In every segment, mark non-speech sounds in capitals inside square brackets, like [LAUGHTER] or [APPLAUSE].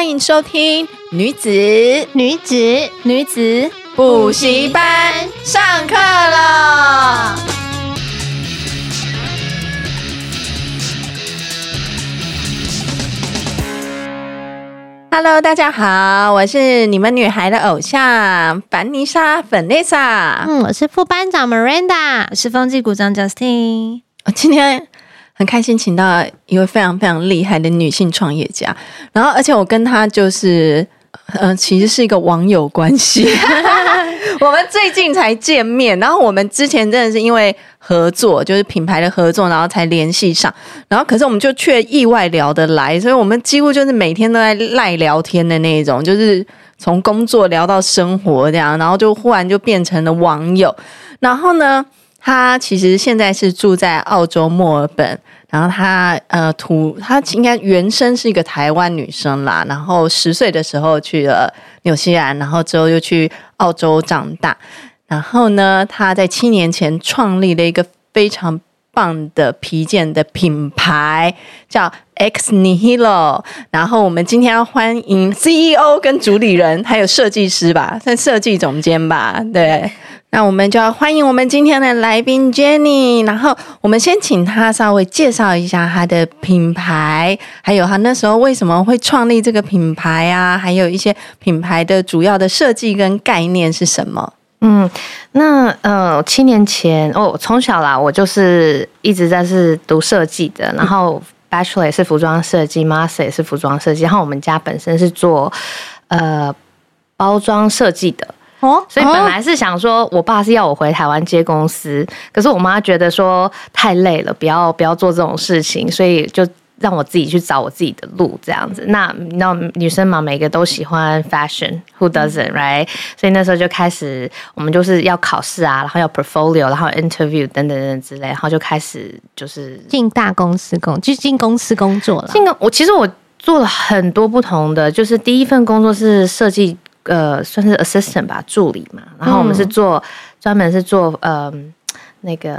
歡迎收聽女子女子女子補習班上課了。課了 Hello，大家好，我是你們女孩的偶像凡妮莎 Vanessa。嗯，我是副班長 Miranda，我是風紀股長 Justine。我今天。很開心，請到一位非常非常厲害的女性創業家，然後，而且我跟她就是，嗯、呃，其實是一個網友關係，我們最近才見面，然後我們之前真的是因為合作，就是品牌的合作，然後才聯繫上，然後可是我們就卻意外聊得來，所以我們幾乎就是每天都在賴聊天的那種，就是從工作聊到生活這樣，然後就忽然就變成了網友，然後呢，她其實現在是住在澳洲墨爾本，然後她呃圖，她應該原生是一個台灣女生啦，然後十歲的時候去了紐西蘭，然後之後又去澳洲長大，然後呢，她在七年前創立了一個非常棒的皮件的品牌，叫 X NIHILO，然後我們今天要歡迎 CEO 跟主理人，還有設計師吧，算設計總監吧，對。那我們就要歡迎我們今天的來賓 Jenny，然後我們先請她稍微介紹一下她的品牌，還有她那時候為什麼會創立這個品牌啊，還有一些品牌的主要的設計跟概念是什麼？嗯，那呃，七年前哦，從小啦，我就是一直在是讀設計的，嗯、然後 Bachelor 也是服裝設計，Master 也是服裝設計，然後我們家本身是做呃包裝設計的。哦，所以本來是想說，我爸是要我回台灣接公司，哦，可是我媽覺得說太累了，不要不要做這種事情，所以就讓我自己去找我自己的路這樣子。那那女生嘛，每個都喜歡 fashion，who doesn't, right？嗯、所以那時候就開始，我們就是要考試啊，然後要 portfolio，然後 interview 等等等等之類，然後就開始就是進大公司工作，就進公司工作了。進我其實我做了很多不同的，就是第一份工作是設計。呃，算是 assistant 吧，助理嘛。然後我們是做專門是做呃那個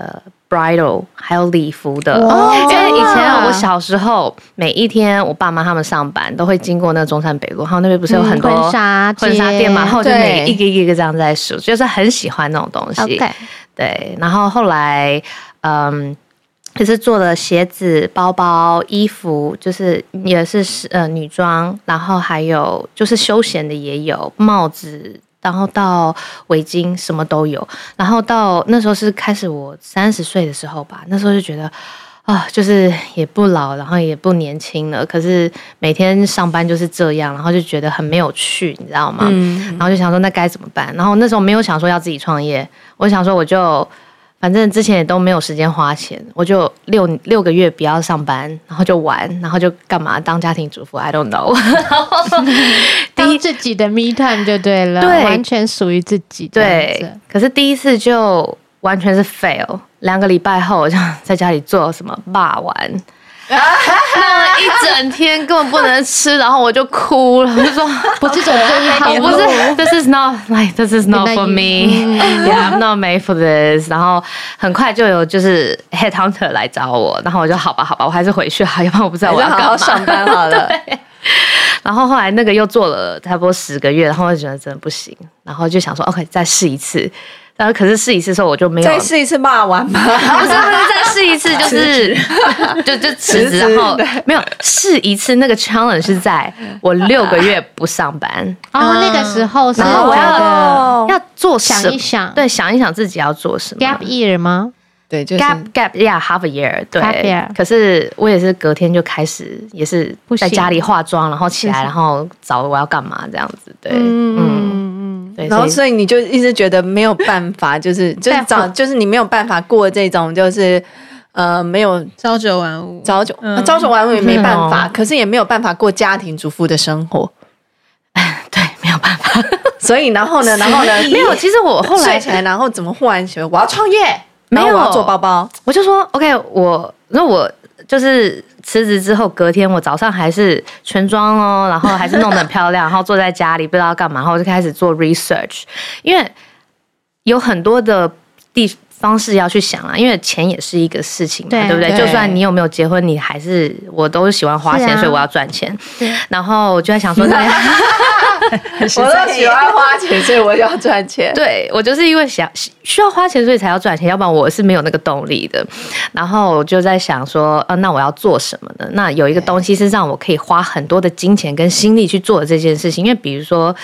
bridal 還有禮服的，哦、因為以前、啊、我小時候每一天我爸媽他們上班都會經過那中山北路，然後那邊不是有很多婚紗婚紗店嘛，然後就每一個,一個一個這樣在數，對就是很喜歡那種東西。對,對，然後後來嗯。呃就是做了鞋子、包包、衣服，就是也是是呃女裝，然後還有就是休閒的也有帽子，然後到圍巾什麼都有，然後到那時候是開始我三十歲的時候吧，那時候就覺得啊，就是也不老，然後也不年輕了，可是每天上班就是這樣，然後就覺得很沒有趣，你知道嗎？嗯，然後就想說那該怎麼辦？然後那時候沒有想說要自己創業，我想說我就。反正之前也都沒有時間花錢，我就六六個月不要上班，然後就玩，然後就幹嘛當家庭主婦？I don't know，當 [LAUGHS] 自己的 me time 就對了，對，完全屬於自己。對，可是第一次就完全是 fail，兩個禮拜後我就在家裡做什麼霸玩。弄了 [LAUGHS] [LAUGHS] 一整天，根本不能吃，然後我就哭了，我就說：“不是，這種真好，不是，This is not like, this is not for me, [LAUGHS] yeah, I'm not made for this。”然後很快就有就是 headhunter 來找我，然後我就好吧，好吧，我還是回去好，要不然，我不知道我要幹嘛，上班好了。 [LAUGHS] 然後後來那個又做了差不多十個月，然後我就覺得真的不行，然後就想說：“OK，再試一次。”然後可是試一次之後我就沒有再試一次罵完嗎？不是，是再試一次就是就就辭職後沒有試一次那個 challenge 是在我六個月不上班，然後那個時候，然後我要做想一想，對，想一想自己要做什麼 gap year 嗎？對，就是 gap gap yeah half a year 對，可是我也是隔天就開始也是在家裡化妝，然後起來，然後找我要幹嘛這樣子對，嗯。對然後，所以你就一直覺得沒有辦法，就是就是、找，會就是你沒有辦法過這種，就是呃，沒有朝九晚五，朝九、嗯啊、朝九晚五也沒辦法，嗯、可是也沒有辦法過家庭主婦的生活。嗯、對，沒有辦法。所以，然後呢，然後呢？是沒有，其實我後來才以然後怎麼忽然覺得我要創業，沒有做包包，我就說 OK，我那我。就是辭職之後，隔天我早上還是全妝哦，然後還是弄得很漂亮，然後坐在家裡不知道幹嘛，然後我就開始做 research，因為有很多的地。方式要去想啊，因為錢也是一個事情嘛，對，對不對？就算你有沒有結婚，你還是我都喜歡花錢，所以我要賺錢。然後我就在想說，我都喜歡花錢，所以我要賺錢。對，我就是因為想需要花錢，所以才要賺錢，要不然我是沒有那個動力的。然後我就在想說，呃，那我要做什麼呢？那有一個東西是讓我可以花很多的金錢跟心力去做這件事情，對因為比如說，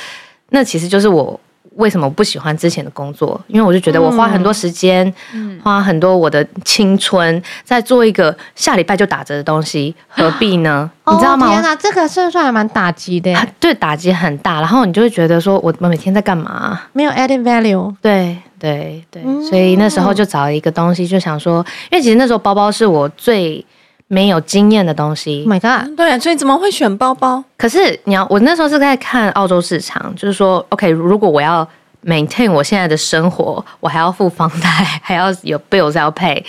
那其實就是我。為什麼我不喜歡之前的工作？因為我就覺得我花很多時間，嗯、花很多我的青春在、嗯、做一個下禮拜就打折的東西，何必呢？ [COUGHS] 你知道嗎？哦、天哪，我這個算算，還蠻打擊的呀，啊，對，打擊很大。然後你就會覺得說，我每天在幹嘛？沒有 added value。對對對，對對嗯、所以那時候就找了一個東西，就想說，因為其實那時候包包是我最。沒有經驗的東西，Oh My God，嗯，對啊，所以怎麼會選包包？可是你要，我那時候是在看澳洲市場，就是說，OK，如果我要 maintain 我現在的生活，我還要付房貸，還要有 bills 要 pay。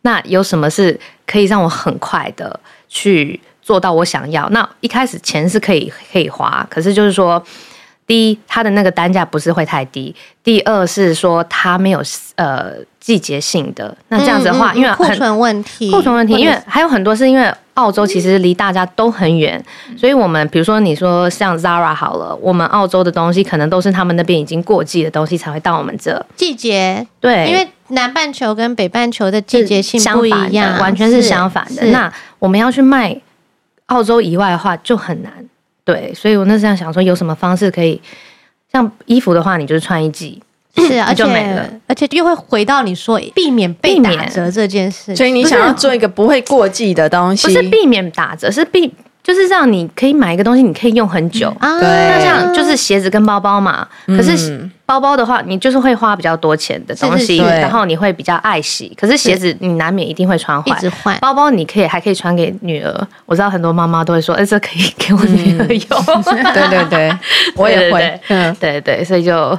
那有什麼是可以讓我很快的去做到我想要？那一開始錢是可以可以花，可是就是說。第一，它的那個單價不是會太低；第二是說它沒有呃季節性的。嗯、那這樣子的話，因為嗯嗯、庫存問題，庫存問題，因為還有很多是因為澳洲其實離大家都很遠，嗯、所以我們比如說你說像 Zara 好了，我們澳洲的東西可能都是他們那邊已經過季的東西才會到我們這。季節，對，因為南半球跟北半球的季節性不一樣，相反，完全是相反的。那我們要去賣澳洲以外的話，就很難。對，所以我那時候想說，有什麼方式可以像，衣服的話，你就是穿一季，是，嗯、就沒了。而且又會回到你說避免避免打折這件事情。所以你想要做一個不會過季的東西，不是，不是避免打折，是避就是讓你可以買一個東西，你可以用很久。啊、對，那像就是鞋子跟包包嘛。可是、嗯。包包的話，你就是會花比較多錢的東西，是是是然後你會比較愛惜。可是鞋子，你難免一定會穿壞。是是一直換包包你可以還可以傳給女兒。我知道很多媽媽都會說：“哎、欸，這可以給我女兒用。”嗯、 [LAUGHS] [LAUGHS] 對對對，我也會。嗯，對對,對,、嗯、對,對,對所以就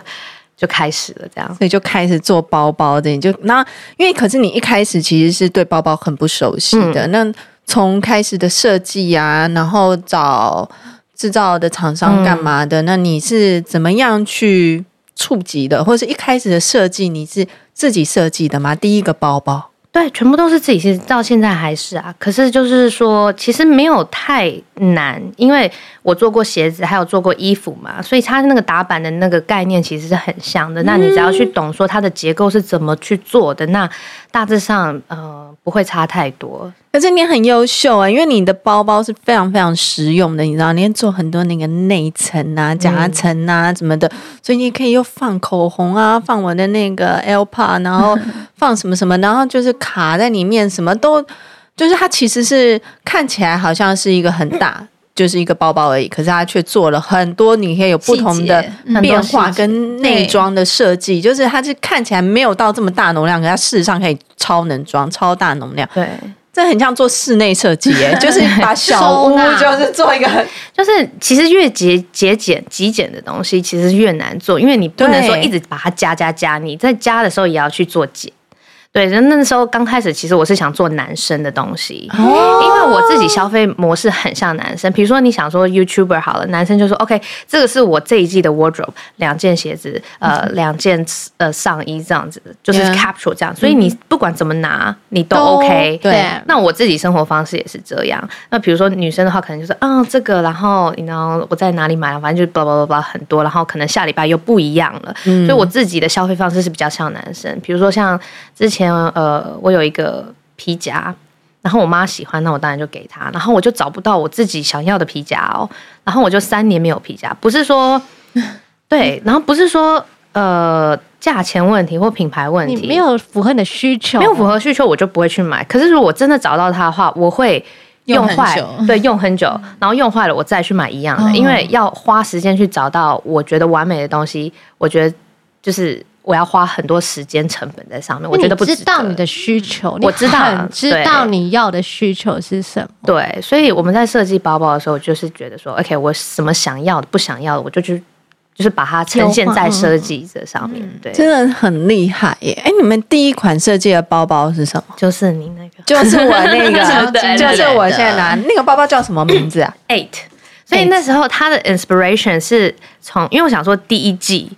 就開始了這樣，所以就開始做包包的。你就那因為可是你一開始其實是對包包很不熟悉的。嗯、那從開始的設計啊，然後找制造的廠商幹嘛的？嗯、那你是怎麼樣去？觸及的，或者是一開始的設計，你是自己設計的嗎？第一個包包。對，全部都是自己。其實到現在還是啊，可是就是說，其實沒有太難，因為我做過鞋子，還有做過衣服嘛，所以它那個打版的那個概念其實是很像的。嗯、那你只要去懂說它的結構是怎麼去做的，那大致上呃不會差太多。可是你很優秀啊、欸，因為你的包包是非常非常實用的，你知道，你會做很多那個內層啊、夾層啊、嗯、什麼的，所以你可以又放口紅啊，嗯、放我的那個 L P A，然後。放什麼什麼，然後就是卡在裡面，什麼都，就是它其實是看起來好像是一個很大，嗯、就是一個包包而已。可是它卻做了很多你可以有不同的變化跟內裝的設計，就是它是看起來沒有到這麼大容量，對可是它事實上可以超能裝、超大容量。對，這很像做室內設計耶， [LAUGHS] 對就是把小屋就是做一個很納，就是其實越節節儉、極簡的東西，其實越難做，因為你不能說一直把它加加加，對你在加的時候也要去做減。對，那那時候剛開始，其實我是想做男生的東西，哦、因為我自己消費模式很像男生。比如說你想說 YouTuber 好了，男生就說 OK，這個是我這一季的 wardrobe，兩件鞋子，呃，兩件呃上衣這樣子，就是 capsule 這樣。所以你不管怎麼拿，嗯嗯你都 OK 都。對。那我自己生活方式也是這樣。那比如說女生的話，可能就說、是、啊、哦、這個，然後你呢 you know, 我在哪裡買，反正就 blah blah blah 很多，然後可能下禮拜又不一樣了。嗯。所以我自己的消費方式是比較像男生，比如說像之前。呃，我有一個皮夾，然後我媽喜歡，那我當然就給她。然後我就找不到我自己想要的皮夾哦，然後我就三年沒有皮夾，不是說對，然後不是說呃價錢問題或品牌問題，沒有符合你的需求啊，沒有符合需求我就不會去買。可是如果真的找到它的話，我會用壞，用很久，對，用很久，然後用壞了我再去買一樣的，因為要花時間去找到我覺得完美的東西，我覺得就是。我要花很多時間成本在上面，我覺得不值得。知道你的需求，嗯、我知道，知道你，很你要的需求是什麼。對，所以我們在設計包包的時候，我就是覺得說，OK，我什麼想要的、不想要的，我就去，就是把它呈現在設計這上面。嗯、對，真的很厲害耶！哎、欸，你們第一款設計的包包是什麼？就是你那個，就是我那個， [LAUGHS] 對對對，就是我現在拿那個包包叫什麼名字啊 [COUGHS] ？Eight。所以那時候它的 inspiration 是從，因為我想說第一季。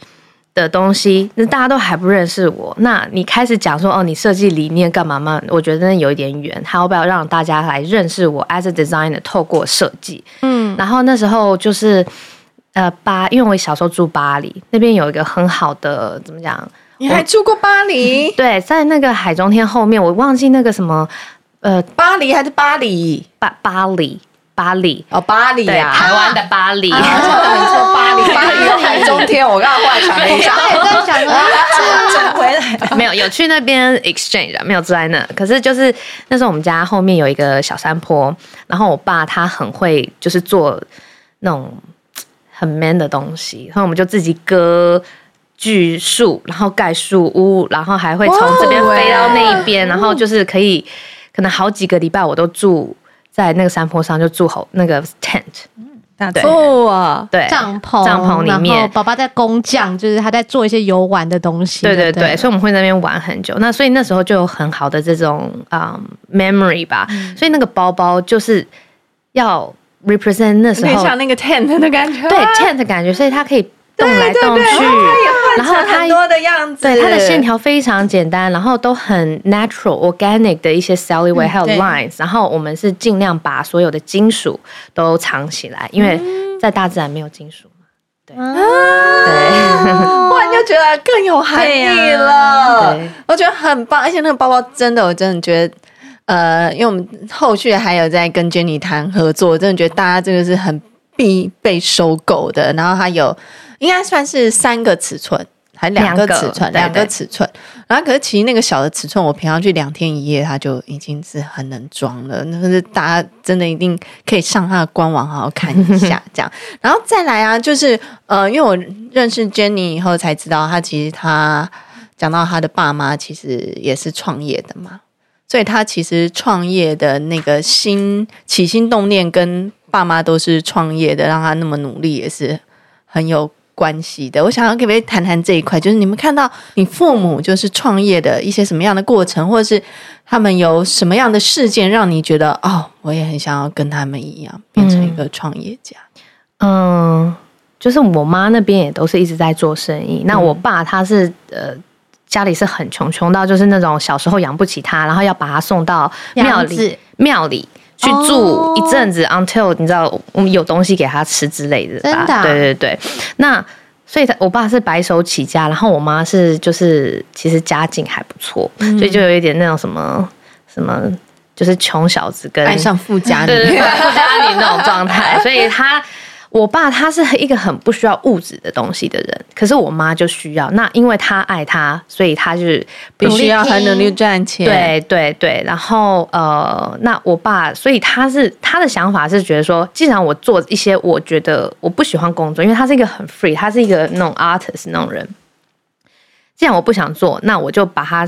的東西，那大家都還不認識我。那你開始講說哦，你設計理念幹嘛嗎？我覺得真的有一點遠，他要不要讓大家來認識我，as a designer，透過設計。嗯，然後那時候就是呃巴，因為我小時候住巴黎，那邊有一個很好的怎麼講？你還住過巴黎？對，在那個海中天後面，我忘記那個什麼呃巴黎還是巴黎巴巴黎。巴黎哦，巴黎呀，台灣的巴黎。巴黎，有海中天，我剛剛忽然想了一下，沒有，有去那邊 exchange 沒有住在那，可是就是那時候我們家後面有一個小山坡，然後我爸他很會就是做那種很 man 的東西，然後我們就自己割巨樹，然後蓋樹屋，然後還會從這邊飛到那一邊，然後就是可以可能好幾個禮拜我都住。在那個山坡上就住好那個 tent，大、嗯、對，帳、哦哦、對篷，帳篷裡面，爸爸在工匠，就是他在做一些遊玩的東西，啊、對對對，對對對，所以我們會在那邊玩很久，那所以那時候就有很好的這種啊、um, memory 吧，嗯、所以那個包包就是要 represent 那時候很像那個 tent 的感覺，那個、對、啊、tent 的感覺，所以它可以。對對對動來動去，哇然後它很多的樣子，對它的線條非常簡單，然後都很 natural、 [MUSIC] organic 的一些 silhouette 還有 lines。然後我們是盡量把所有的金屬都藏起來，嗯、因為在大自然沒有金屬嘛。對，啊、對，突 [LAUGHS] 然就覺得更有含義了。對啊、對我覺得很棒，而且那個包包真的，我真的覺得，呃，因為我們後續還有在跟 Jenny 談合作，真的覺得大家這個是很必備收購的。然後它有。應該算是三個尺寸，還兩個尺寸，兩個,兩個尺寸。對對對。然後，可是其實那個小的尺寸，我平常去兩天一夜，他就已經是很能裝了。那是大家真的一定可以上他的官網好好看一下，這樣。 [LAUGHS] 然後再來啊，就是呃，因為我認識 Jenny 以後才知道，他其實他講到他的爸媽其實也是創業的嘛，所以他其實創業的那個心起心動念跟爸媽都是創業的，讓他那麼努力也是很有。關係的，我想要可不可以談談這一塊，就是你們看到你父母就是創業的一些什麼樣的過程，或者是他們有什麼樣的事件，讓你覺得哦，我也很想要跟他們一樣，變成一個創業家。嗯，嗯，就是我媽那邊也都是一直在做生意，嗯、那我爸他是呃，家裡是很窮，窮的，窮到就是那種小時候養不起他，然後要把他送到廟裡子廟裡。去住一陣子，oh，until 你知道我們有東西給他吃之類的吧？啊、對對對。那所以，他，我爸是白手起家，然後我媽是就是其實家境還不錯，嗯、所以就有一點那種什麼什麼，就是窮小子跟愛上富家女，對對對富家女那種狀態， [LAUGHS] 所以他。我爸他是一個很不需要物質的東西的人，可是我媽就需要。那因為他愛他，所以他就是必須要很努力賺錢。對對對。然後呃，那我爸，所以他是他的想法是覺得說，既然我做一些我覺得我不喜歡工作，因為他是一個很 free，他是一個那種 artist 那種人。既然我不想做，那我就把他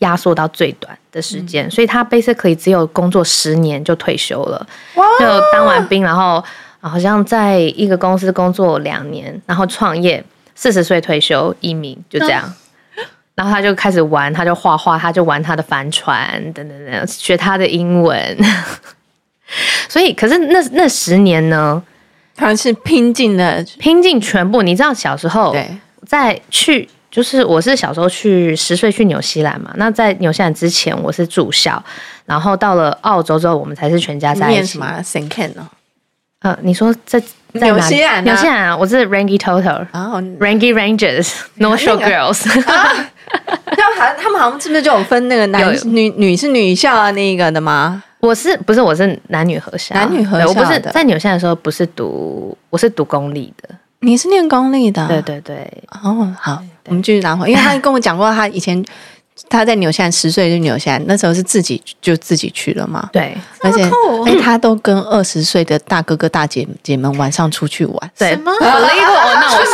壓縮到最短的時間。嗯、所以他 basically 只有工作十年就退休了，哇就當完兵，然後。好像在一個公司工作兩年，然後創業，四十歲退休，移民就這樣。 [LAUGHS] 然後他就開始玩，他就畫畫，他就玩他的帆船，等等等等，學他的英文。 [LAUGHS] 所以，可是那那十年呢，他是拼盡了，拼盡全部。你知道小時候對，在去就是我是小時候去十歲去紐西蘭嘛？那在紐西蘭之前，我是住校，然後到了澳洲之後，我們才是全家在一起。什麼？ [LAUGHS] 呃，你說在紐西蘭，紐西蘭啊？我是 Rangitoto，Rangi Rangers，North Shore Girls，哈哈哈哈哈。那好像他們好像是不是就有分那個男女女是女校那個的嗎？我不是我是男女合校？男女合校，我不是在紐西蘭的時候不是讀，我是讀公立的。你是念公立的？對對對。哦，好，我們繼續拿回。因為他跟我講過，他以前。他在紐西蘭，十歲就紐西蘭，那時候是自己就自己去了嘛。對，而且哎，他都跟二十歲的大哥哥大姐姐們晚上出去玩。對，Believe 我那我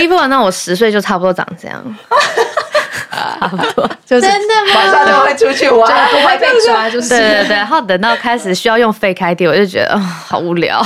十，Believe 我那我十歲就差不多長這樣。真的嗎？晚上就會出去玩，不會被抓，就是對對對。然後等到開始需要用 fake ID，我就覺得好無聊。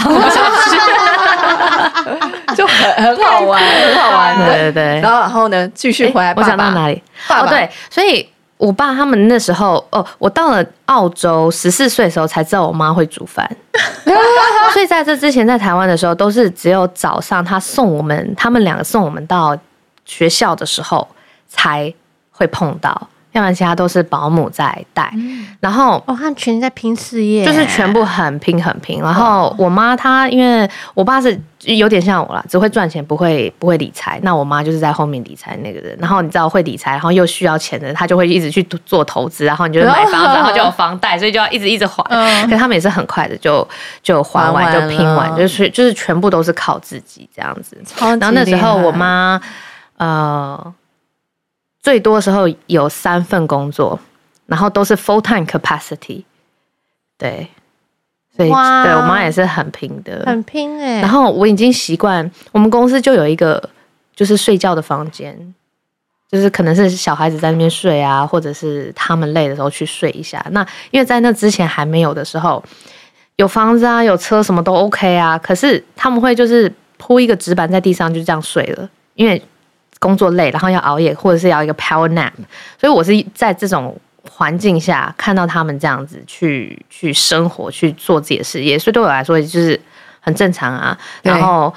[LAUGHS] [LAUGHS] 就很 [LAUGHS] 很好玩，很好玩的，對對對然後然後呢，繼續回來爸爸、欸。我想到哪裡？哦爸爸，oh, 對，所以我爸他們那時候，哦，我到了澳洲十四歲的時候才知道我媽會煮飯， [LAUGHS] [LAUGHS] 所以在這之前在台灣的時候，都是只有早上他送我們，他們兩個送我們到學校的時候才會碰到。要不然其他都是保姆在帶，嗯、然後我看、哦、全在拼事業，就是全部很拼很拼。然後我媽她因為我爸是有點像我啦，只會賺錢不會不會理財。那我媽就是在後面理財那個人。然後你知道會理財，然後又需要錢的人，她就會一直去做投資。然後你就買房，然後就有房貸，哦、所以就要一直一直還。哦、可他們也是很快的就，就就還完就拼完，完就是就是全部都是靠自己這樣子。然後那時候我媽呃。最多的時候有三份工作，然後都是 full time capacity，對，所以哇對我媽也是很拼的，很拼哎。然後我已經習慣，我們公司就有一個就是睡覺的房間，就是可能是小孩子在那邊睡啊，或者是他們累的時候去睡一下。那因為在那之前還沒有的時候，有房子啊，有車什麼都 OK 啊，可是他們會就是鋪一個紙板在地上就這樣睡了，因為。工作累，然後要熬夜，或者是要一個 power nap，所以我是在這種環境下看到他們這樣子去去生活、去做自己的事，也是對我來說就是很正常啊。然後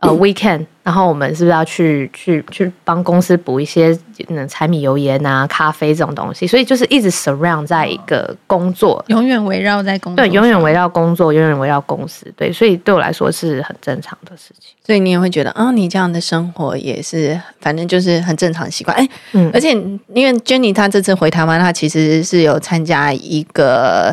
對呃，weekend。嗯然後我們是不是要去去去幫公司補一些嗯，柴米油鹽啊、咖啡這種東西？所以就是一直 surround 在一個工作，哦，永遠圍繞在工作對，永遠圍繞工作，永遠圍繞公司。對，所以對我來說是很正常的事情。所以你也會覺得，啊，哦，你這樣的生活也是，反正就是很正常的習慣。哎，嗯，而且因為 Jenny 她這次回台灣，她其實是有參加一個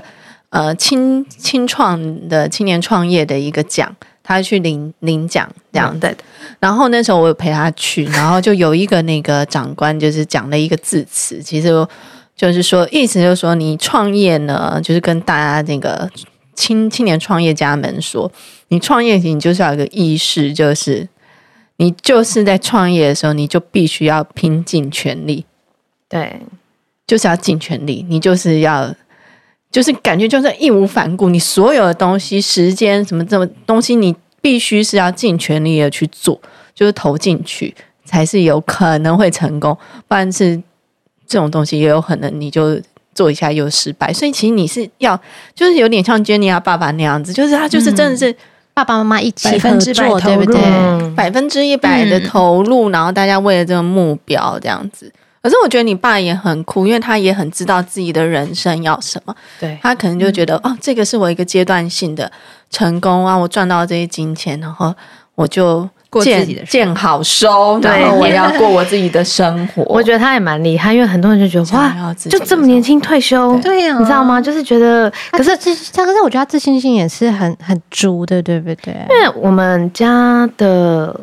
呃青青創的青年創業的一個獎。他去領領獎，這樣對的。Yeah, right. 然後那時候我有陪他去，然後就有一個那個長官就是講了一個致辭， [LAUGHS] 其實就是說，意思就是說，你創業呢，就是跟大家那個青青年創業家們說，你創業你就是要有個意識，就是你就是在創業的時候，你就必須要拼盡全力，對，就是要盡全力，你就是要。就是感覺就是義無反顧，你所有的東西、時間什麼這種東西，你必須是要盡全力的去做，就是投進去才是有可能會成功。不然是這種東西，也有可能你就做一下又失敗。所以其實你是要，就是有點像 Jenny 啊爸爸那樣子，就是他就是真的是爸爸媽媽一起合作，對不對？百分之一百的投入，然後大家為了這個目標這樣子。可是我覺得你爸也很酷，因為他也很知道自己的人生要什麼。對，他可能就覺得哦，這個是我一個階段性的成功啊，我賺到這些金錢，然後我就過自己的見好收，然後我要過我自己的生活。我覺得他也蠻厲害，因為很多人就覺得哇，就這麼年輕退休，對呀，你知道嗎？就是覺得，可是，可是我覺得他自信心也是很很足的，對不對？因為我們家的。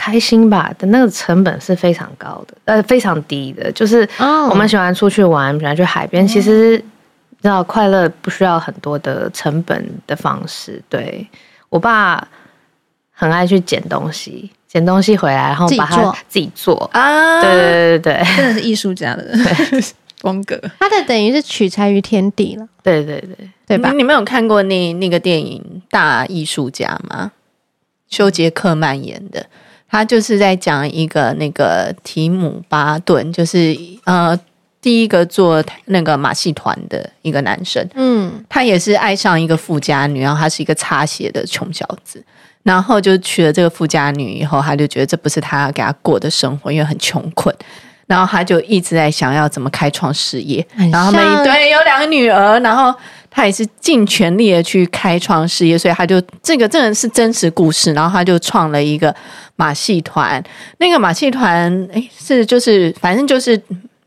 開心吧，的那個成本是非常高的，呃，非常低的。就是我們喜歡出去玩，oh. 喜歡去海邊。其實，oh. 你知道快樂不需要很多的成本的方式。對，我爸很愛去撿東西，撿東西回來，然後把它自己做啊！對對對，真的是藝術家的對風格。他的等於是取材於天地了。對對對對吧？你，你們有看過那那個電影《大藝術家》嗎？休杰克曼演的。他就是在講一個那個提姆巴頓，就是呃，第一個做那個馬戲團的一個男生。嗯，他也是愛上一個富家女，然後他是一個擦鞋的窮小子，然後就娶了這個富家女以後，他就覺得這不是他要給他過的生活，因為很窮困，然後他就一直在想要怎麼開創事業，然後他們一對有兩個女兒，然後。他也是盡全力的去開創事業，所以他就這個真的是真實故事。然後他就創了一個馬戲團，那個馬戲團哎是就是反正就是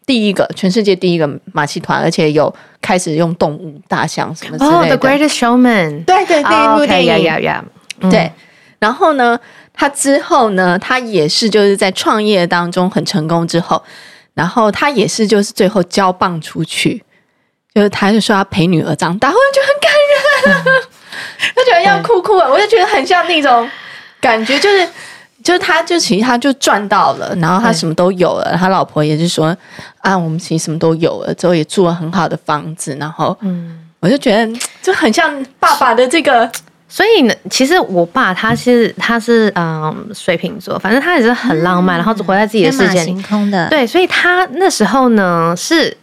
第一個全世界第一個馬戲團，而且有開始用動物大象什麼之類的。Oh, the Greatest Showman，對對，第一部電影。對，然後呢，他之後呢，他也是就是在創業當中很成功之後，然後他也是就是最後交棒出去。就是，他就說要陪女兒長大，後就很感人，他覺得要哭哭了，我就覺得很像那種感覺，就是，就是他，就其實他就賺到了，然後他什麼都有了，對他老婆也是說啊，我們其實什麼都有了，之後也住了很好的房子，然後，嗯，我就覺得就很像爸爸的這個，嗯、所以呢，其實我爸他是他是嗯、呃、水瓶座，反正他也是很浪漫，嗯、然後就活在自己的世界裡，天馬行空的，對，所以他那時候呢是。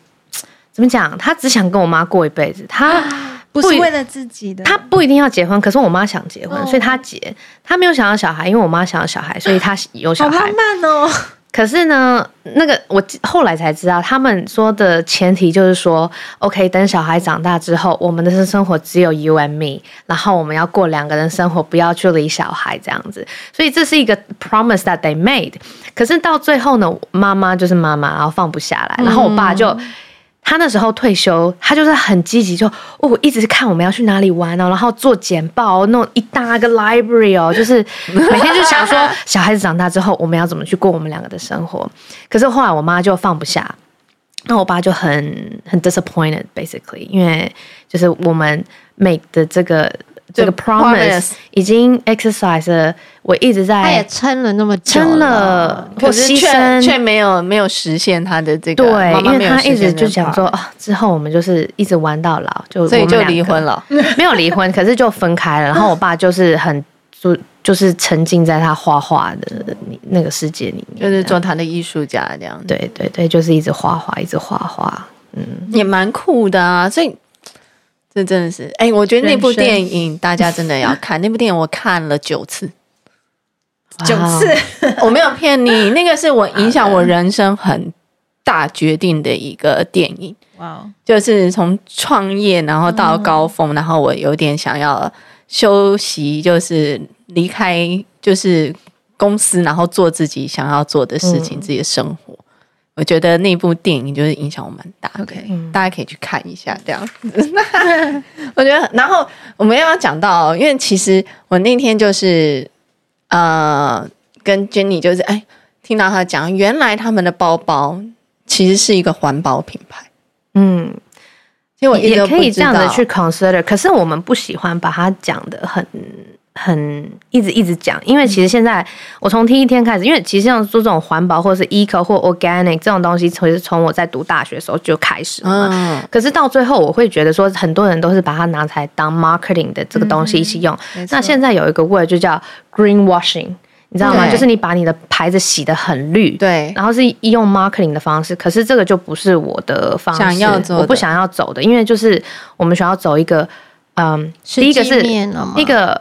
你們講，他只想跟我媽過一輩子，他不、啊、不是為了自己的，他不一定要結婚。可是我媽想結婚，哦、所以他結。他沒有想要小孩，因為我媽想要小孩，所以他有小孩。啊、好慢哦！可是呢，那個我後來才知道，他們說的前提就是說，OK，等小孩長大之後，我們的生活只有 you and me，然後我們要過兩個人生活，不要去理小孩這樣子。所以這是一個 promise that they made。可是到最後呢，媽媽就是媽媽，然後放不下來，嗯、然後我爸就。他那時候退休，他就是很積極，就哦，我一直是看我們要去哪裡玩哦，然後做簡報，哦，弄一大個 library 哦，就是每天就想說 [LAUGHS] 小孩子長大之後我們要怎麼去過我們兩個的生活。可是後來我媽就放不下，那我爸就很很 disappointed basically，因為就是我們 make 的這個。這個 promise 已經 exercise 了，我一直在，他也撐了那麼久了，撐了，或者卻卻沒有沒有實現他的這個，對，媽媽因為他一直就想說啊，之後我們就是一直玩到老，就我們所以就離婚了，沒有離婚，可是就分開了。 [LAUGHS] 然後我爸就是很就就是沉浸在他畫畫的那個世界裡面，就是做他的藝術家這樣。對對對，就是一直畫畫，一直畫畫，嗯，也蠻酷的、啊，所以。這真的是，哎、欸，我覺得那部電影大家真的要看。人生 那部電影我看了九次，九次，我沒有騙你，那個是我影響我人生很大決定的一個電影。哇，Okay. 就是從創業然後到高峰，嗯、然後我有點想要休息，就是離開就是公司，然後做自己想要做的事情，嗯、自己的生活。我覺得那部電影就是影響我蠻大。OK，嗯，大家可以去看一下這樣子。 [LAUGHS] 我覺得，然後我們要不要講到，因為其實我那天就是呃，跟 Jenny 就是哎，聽到她講，原來他們的包包其實是一個環保品牌。嗯，其實我也可以這樣子去 consider，可是我們不喜歡把它講得很。很一直一直講，因為其實現在、嗯、我從第一天開始，因為其實像做這種環保或是 eco 或 organic 這種東西，其實從我在讀大學的時候就開始了嘛。嗯，可是到最後我會覺得說，很多人都是把它拿起來當 marketing 的這個東西一起用。嗯、那現在有一個 word 就叫 greenwashing，你知道嗎？對就是你把你的牌子洗得很綠，對，然後是用 marketing 的方式。可是這個就不是我的方式，想要我不想要走的，因為就是我們想要走一個，嗯，第一個是第一個。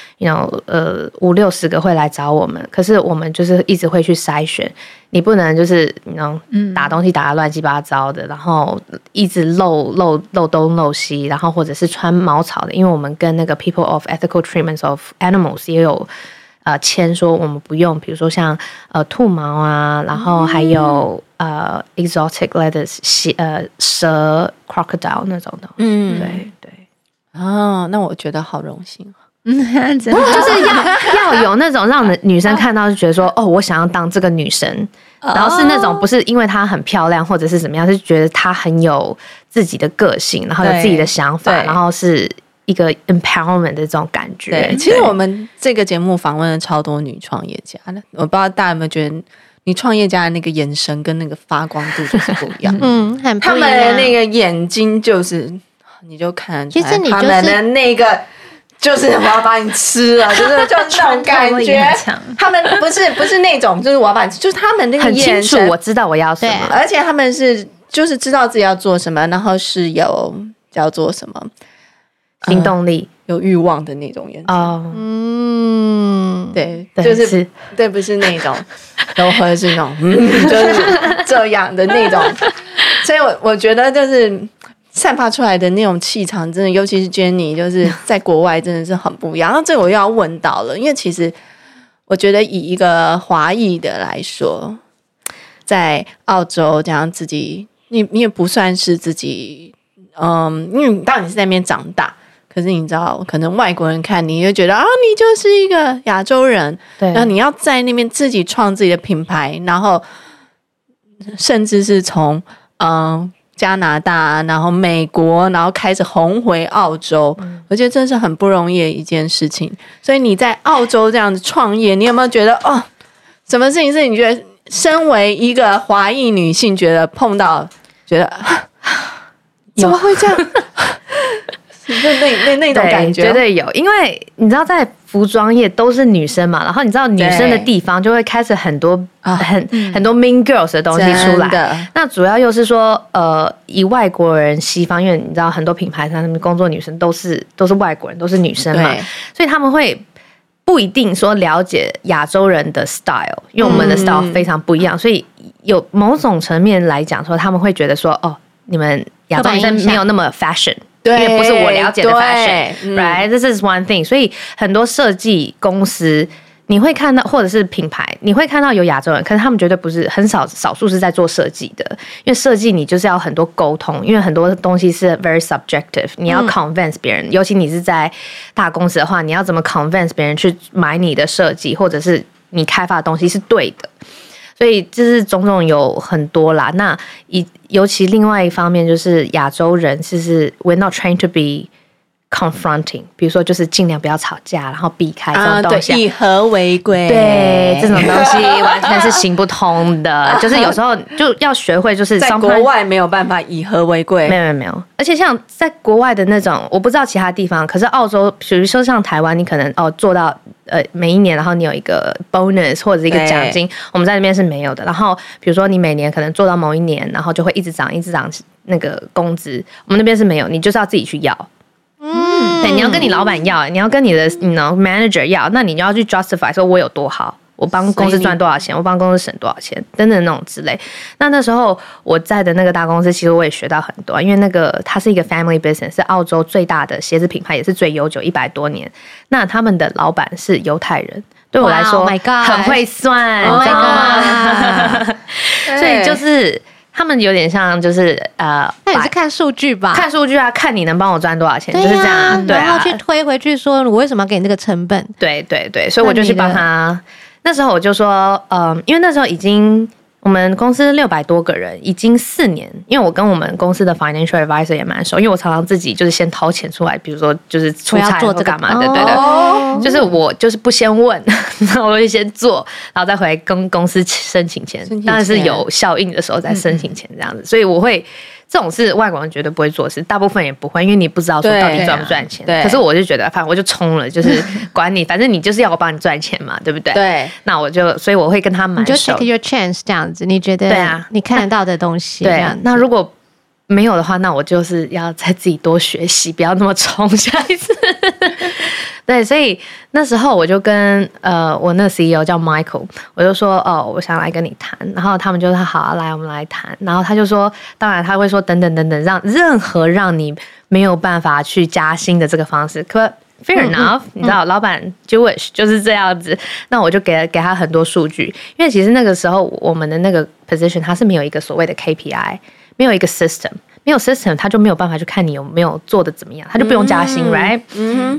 有 you know, 呃五六十個會來找我們，可是我們就是一直會去篩選。你不能就是能 you know,、嗯、打東西打得亂七八糟的，然後一直漏漏漏東漏西，然後或者是穿毛草的，因為我們跟那個 People of Ethical Treatments of Animals 也有呃簽，說我們不用，比如說像呃兔毛啊，然後還有、嗯 uh, exotic leathers, 蛇呃 exotic leathers，呃蛇 crocodile 那種的。嗯，對對。啊、哦，那我覺得好榮幸。嗯 [LAUGHS] 嗎、哦，就是要要有那種讓女女生看到就覺得說，哦，我想要當這個女神，哦，然後是那種不是因為她很漂亮或者是怎麼樣，是覺得她很有自己的個性，然後有自己的想法，對然後是一個 empowerment 的這種感覺。對對對其實我們這個節目訪問了超多女創業家的，我不知道大家有沒有覺得，你創業家的那個眼神跟那個發光度就是不一樣。 [LAUGHS] 嗯，很不一樣。他們的那個眼睛就是，你就看，其實你們的那個。就是我要把你吃了，就是就是那種感覺。 [LAUGHS] 他們不是不是那種，就是我要把你，吃，就是他們那個眼神，很清楚，我知道我要什麼。對而且他們是就是知道自己要做什麼，然後是有叫做什麼，嗯、行動力有慾望的那種顏色。哦。Oh. 嗯，對，對就是吃對，不是那種，柔和是那種、 [LAUGHS] 嗯，就是這樣的那種。所以我我覺得就是。散發出來的那種氣場，真的，尤其是 Jenny，就是在國外真的是很不一樣。那、 [LAUGHS] 啊、這我又要問到了，因為其實我覺得以一個華裔的來說，在澳洲這樣自己，你你也不算是自己，嗯，因為你到底是在那邊長大，可是你知道，可能外國人看你就覺得啊，你就是一個亞洲人，對然後你要在那邊自己創自己的品牌，然後甚至是從嗯。加拿大，然後美國，然後開始紅回澳洲，我覺得真是很不容易的一件事情。所以你在澳洲這樣子創業，你有沒有覺得哦，什麼事情是你覺得身為一個華裔女性覺得碰到，覺得有、啊、怎麼會這樣？ [LAUGHS] 那那那那種感覺對，絕對有，因為你知道，在服裝業都是女生嘛，然後你知道女生的地方就會開始很多很、哦嗯、很多 mean girls 的東西出來。的那主要又是說，呃，以外國人西方，因為你知道很多品牌上他們工作女生都是都是外國人，都是女生嘛，對所以他們會不一定說了解亞洲人的 style，因為我們的 style 非常不一樣，嗯、所以有某種層面來講說，他們會覺得說，哦，你們亞洲人沒有那麼 fashion。對，不是我了解的 fashion，嗯、right？This is one thing。所以很多設計公司，你會看到，或者是品牌，你會看到有亞洲人，可是他們絕對不是很少，少數是在做設計的。因為設計你就是要很多溝通，因為很多東西是 very subjective，你要 convince 別人。嗯、尤其你是在大公司的話，你要怎麼 convince 別人去買你的設計，或者是你開發的東西是對的。所以就是種種有很多啦，那以尤其另外一方面就是亞洲人，就是 we're not trying to be。Confronting，比如說就是盡量不要吵架，然後避開這種東西。嗯、以和為貴，對這種東西完全是行不通的。 [LAUGHS] 就是有時候就要學會，就是在國外沒有辦法以和為貴。沒有沒有，沒有。而且像在國外的那種，我不知道其他地方。可是澳洲，比如說像台灣，你可能哦做到呃每一年，然後你有一個 bonus 或者一個獎金，對我們在那邊是沒有的。然後比如說你每年可能做到某一年，然後就會一直漲，一直漲那個工資，我們那邊是沒有，你就是要自己去要。嗯，對，你要跟你老板要，你要跟你的，你呢，you know，manager 要，那你就要去 justify 說我有多好，我幫公司賺多少錢，我幫公司省多少錢，等等那種之類。那那時候我在的那個大公司，其實我也學到很多，因為那個它是一個 family business，是澳洲最大的鞋子品牌，也是最悠久一百多年。那他們的老板是猶太人，對我來說，wow, oh my God，很會算，知道嗎？所以就是。他們有點像，就是呃，那也是看數據吧？看數據啊，看你能幫我賺多少錢，啊、就是這樣。對啊、然後去推回去說，我為什麼要給你那個成本？對對對，所以我就去幫他。那，那時候我就說，嗯，因為那時候已經。我們公司六百多個人，已經四年。因為我跟我們公司的 financial advisor 也蠻熟，因為我常常自己就是先掏錢出來，比如說就是出差做這幹嘛的，這個、對對對，哦、就是我就是不先問，哦、 [LAUGHS] 然後我就先做，然後再回來跟公司申請錢，請錢當然是有效應的時候再申請錢這樣子，嗯嗯所以我會。這種事外國人絕對不會做事，大部分也不會，因為你不知道說到底賺不賺錢。對可是我就覺得，反正我就衝了，就是管你， [LAUGHS] 反正你就是要我幫你賺錢嘛，對不對？對， [LAUGHS] 那我就所以我會跟他蠻熟。你就 take your chance 這樣子，你覺得？對啊，你看得到的東西對、啊啊。對，那如果沒有的話，那我就是要再自己多學習，不要那麼衝。下一次。 [LAUGHS] 對，所以那時候我就跟呃，我那 CEO 叫 Michael，我就說，哦，我想來跟你談。然後他們就說，好，來，我們來談。然後他就說，當然他會說，等等等等，讓任何讓你沒有辦法去加薪的這個方式。可 fair enough，、嗯嗯、你知道，嗯、老闆 Jewish 就是這樣子。那我就給了給他很多數據，因為其實那個時候我們的那個 position 它是沒有一個所謂的 KPI，沒有一個 system。沒有 system，他就沒有辦法去看你有沒有做的怎麼樣，他就不用加薪，right？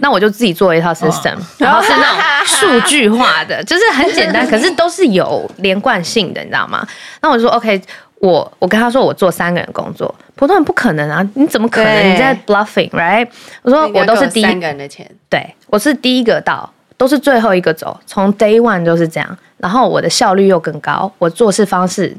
那我就自己做一套 system，、oh. 然後是那種數據化的， [LAUGHS] 就是很簡單，可是都是有連貫性的，你知道嗎？那我就說，OK，我我跟他說，我做三個人工作，普通人不可能啊，你怎麼可能？對你在 bluffing，right？我說，我都是第一，人家給我三個人的錢，對，我是第一個到，都是最後一個走，從 day one 就是這樣，然後我的效率又更高，我做事方式。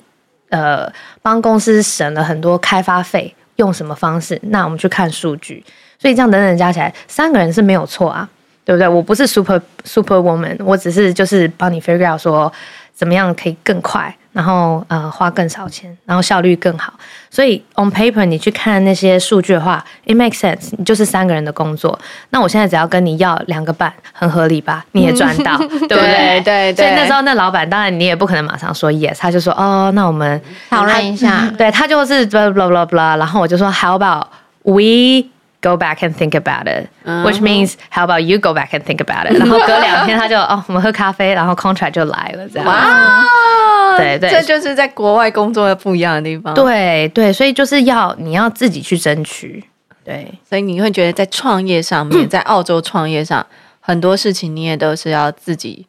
呃，幫公司省了很多開發費，用什麼方式？那我們去看數據，所以這樣等等加起來，三個人是沒有錯啊，對不對？我不是 super super woman，我只是就是幫你 figure out 說。怎麼樣可以更快，然後呃花更少錢，然後效率更好？所以 on paper 你去看那些數據的話，it makes sense。你就是三個人的工作，那我現在只要跟你要兩個半，很合理吧？你也賺到， [LAUGHS] 對不對？ [LAUGHS] 對對。 [LAUGHS] 所以那時候那老闆當然你也不可能馬上說 yes，他就說哦，那我們討論一下。 [LAUGHS] 對，他就是 blah blah blah blah，然後我就說 [LAUGHS] how about we。Go back and think about it,、uh huh. which means how about you go back and think about it? [LAUGHS] 然後隔兩天他就哦，我們喝咖啡，然後 contract 就來了，這樣。Wow, 對,對對，這就是在國外工作的不一樣的地方。對對，所以就是要你要自己去爭取。對，所以你會覺得在創業上面，嗯、在澳洲創業上，很多事情你也都是要自己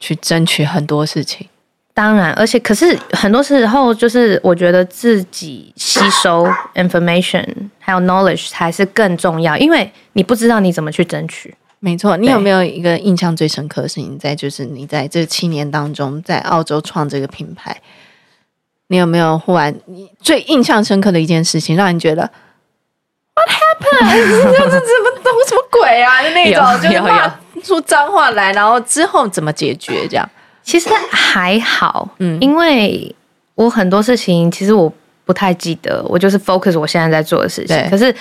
去爭取很多事情。當然，而且可是很多時候，就是我覺得自己吸收 information 還有 knowledge 才是更重要，因為你不知道你怎麼去爭取。沒錯錯，對你有沒有一個印象最深刻的事情在？在就是你在這七年當中，在澳洲創這個品牌，你有沒有忽然你最印象深刻的一件事情，讓你覺得 What happened？就是怎麼懂什麼鬼啊？ [LAUGHS] 就那種有就是要出髒話來，然後之後怎麼解決這樣？ [LAUGHS] 其實還好，嗯，因為我很多事情其實我不太記得，我就是 focus 我現在在做的事情。對可是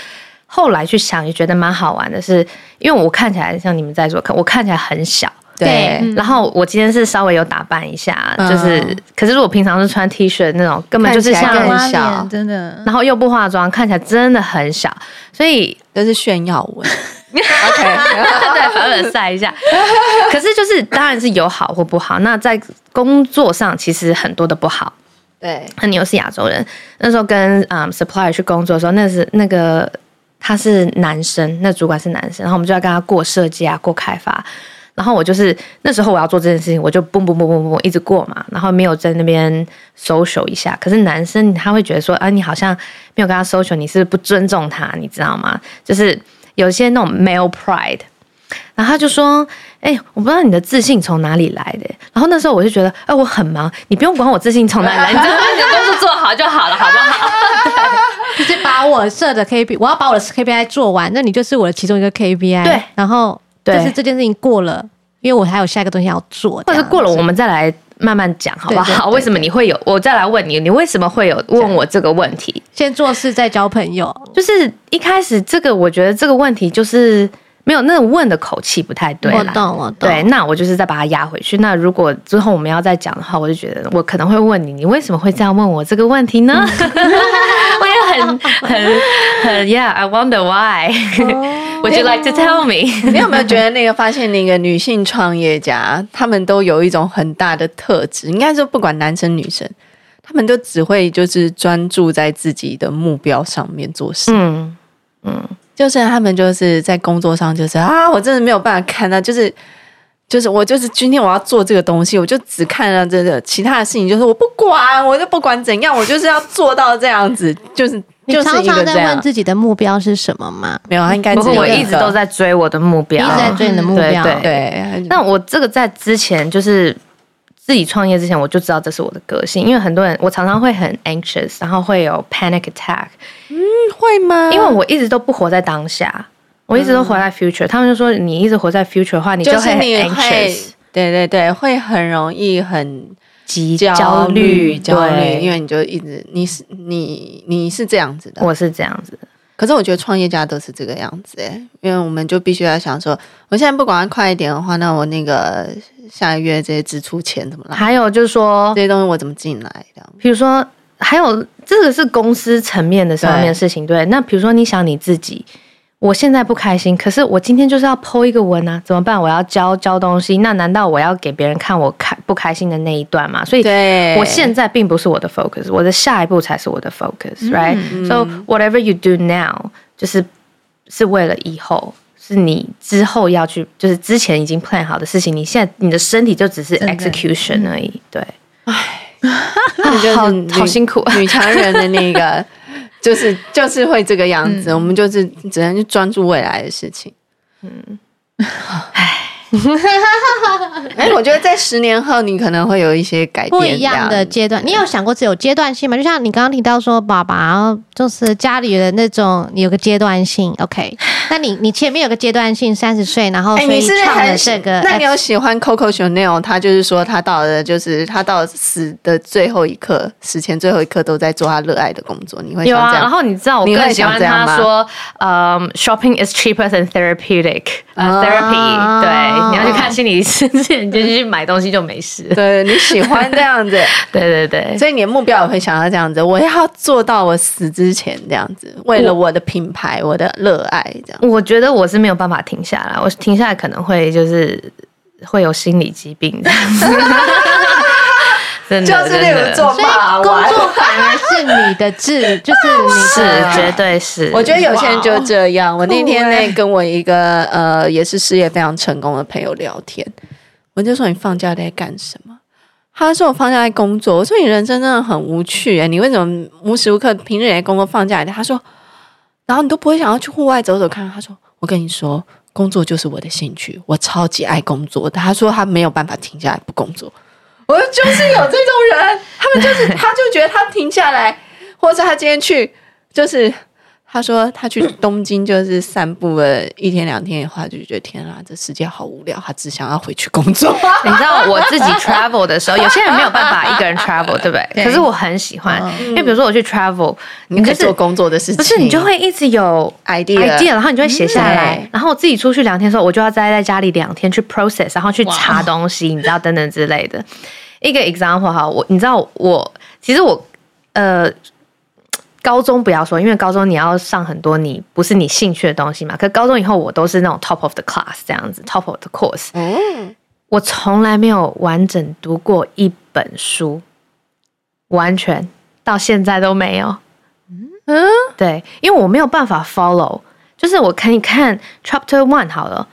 後來去想也覺得蠻好玩的是，是因為我看起來像你們在做，看我看起來很小。對，嗯、然後我今天是稍微有打扮一下，嗯、就是，可是我平常是穿 T 恤那種，根本就是像小真的，然後又不化、嗯、化妝，看起來真的很小，所以都是炫耀我 [LAUGHS] ，OK，再狠狠曬一下。 [LAUGHS] 可是就是，當然是有好或不好。那在工作上，其實很多的不好。對，那、啊、你又是亞洲人，那時候跟嗯、呃、supplier 去工作的時候，那是那個他是男生，那個、主管是男生，然後我們就要跟他過設計啊，過開發。然後我就是那時候我要做這件事情，我就嘣嘣嘣嘣嘣一直過嘛，然後沒有在那邊 social 一下。可是男生他會覺得說：“啊，你好像沒有跟他 social，你是不是不尊重他，你知道嗎？”就是有些那種 male pride。然後他就說：“哎，我不知道你的自信從哪裡來的欸。”然後那時候我就覺得：“哎，我很忙，你不用管我自信從哪裡來，你就把你的工作做好就好了，好不好？”就是把我設的 KP，我要把我的 KPI 做完，那你就是我的其中一個 KPI。對，然後。對，但是這件事情過了，因為我還有下一個東西要做，或者是過了我們再來慢慢講，好不好？對對對對，好，為什麼你會有？我再來問你，你為什麼會有問我這個問題？先做事再交朋友，就是一開始這個，我覺得這個問題就是沒有那種、個、問的口氣不太對啦。我懂我懂。對，那我就是再把它壓回去。那如果之後我們要再講的話，我就覺得我可能會問你，你為什麼會這樣問我這個問題呢？嗯、 [LAUGHS] [LAUGHS] 我也很很很，Yeah，I wonder why。Oh. Would you like to tell me? 你有沒有覺得那個發現那個女性創業家，他 [LAUGHS] 們都有一種很大的特質，應該說不管男生女生，他們都只會就是專注在自己的目標上面做事。嗯嗯， [MUSIC] 就是他們就是在工作上就是啊，我真的沒有辦法看到，啊，就是就是我就是今天我要做這個東西，我就只看到這個其他的事情，就是我不管，我就不管怎樣，我就是要做到這樣子，就是。 [LAUGHS] 就常常在問自己的目標是什麼嗎？沒有，他應該不是。我一直都在追我的目標，嗯，一直在追你的目標。對，對，對，那對對，我這個在之前就是自己創業之前，我就知道這是我的個性，因為很多人我常常會很 anxious，然後會有 panic attack。嗯，會嗎？因為我一直都不活在當下，我一直都活在 future，嗯。他們就說，你一直活在 future 的話，你就會很 anxious。就是你會，對對對，會很容易很。焦慮，焦慮，對焦慮，因為你就一直，你是你，你是這樣子的，我是這樣子的。可是我覺得創業家都是這個樣子哎，因為我們就必須要想說，我現在不管快一點的話，那我那個下個月這些支出錢怎麼來，還有就是說這些東西我怎麼進來？對，比如說還有這個是公司層面的上面的事情，對，對。那比如說你想你自己。我現在不開心，可是我今天就是要 PO 一個文啊，怎麼辦？我要教教東西，那難道我要給別人看我開不開心的那一段嗎？所以，對我現在並不是我的 focus，我的下一步才是我的 focus，right？So whatever you do now，就是是為了以後，是你之後要去，就是之前已經 plan 好的事情。你現在你的身體就只是 execution 而已，的對？哎、 [LAUGHS] 啊，好 [LAUGHS] 女好辛苦啊。女強人的那個。 [LAUGHS] 就是就是會這個樣子，嗯、我們就是只能去專注未來的事情。嗯，哎，哎，我覺得在十年後，你可能會有一些改變，不一樣的階段。你有想過只有階段性嗎？就像你剛剛提到說，爸爸就是家裡的那種你有個階段性，OK。那你你前面有個階段性三十歲，然後所以創了這個、F 欸你是不是。那你有喜歡 Coco Chanel？他就是說他了、就是，他到的就是他到死的最後一刻，死前最後一刻都在做他熱愛的工作。你會想這樣有啊？然後你知道我更喜歡他說、um，shopping is cheaper than therapeutic、uh, therapy, 啊。therapy。對，你要去看心理醫生，啊、 [LAUGHS] 你就去買東西就沒事。對，你喜歡這樣子。 [LAUGHS] 對對對，對，所以你的目標我會想要這樣子，我要做到我死之前這樣子，為了我的品牌，我的熱愛這樣子。我覺得我是沒有辦法停下來，我停下來可能會就是會有心理疾病的，真的 [LAUGHS] [LAUGHS] 真的。就是那種做，所以工作反而是你的志，玩就是你是絕對是。我覺得有些人就這樣。哇我那天在跟我一個、欸、呃，也是事業非常成功的朋友聊天，我就說，你放假在幹什麼？他說，我放假在工作。我說，你人生真的很無趣哎、欸，你為什麼無時無刻平日也工作，放假也？他說。然後你都不會想要去戶外走走看？他說：“我跟你說，工作就是我的興趣，我超級愛工作。”他說他沒有辦法停下來不工作。我就是有這種人， [LAUGHS] 他們就是他就覺得他停下來， [LAUGHS] 或者他今天去就是。他說他去東京就是散步了一天兩天的話，他就覺得天啊，這世界好無聊，他只想要回去工作。你知道我自己 travel 的時候， [LAUGHS] 有些人沒有辦法一個人 travel，對不對？Okay. 可是我很喜歡，嗯，因為比如說我去 travel，你可以做工作的事情，不是你就會一直有 idea，idea 然後你就會寫下來。對然後我自己出去兩天的時候，我就要待在家裡兩天去 process，然後去查東西，Wow 你知道等等之類的。一個 example 哈，我你知道我其實我呃。高中不要說，因為高中你要上很多你不是你興趣的東西嘛。可是高中以後我都是那種 top of the class 這樣子，top of the course。嗯，我從來沒有完整讀過一本書，完全到現在都沒有。嗯，對，因為我沒有辦法 follow。就是我可以看 chapter one 好了。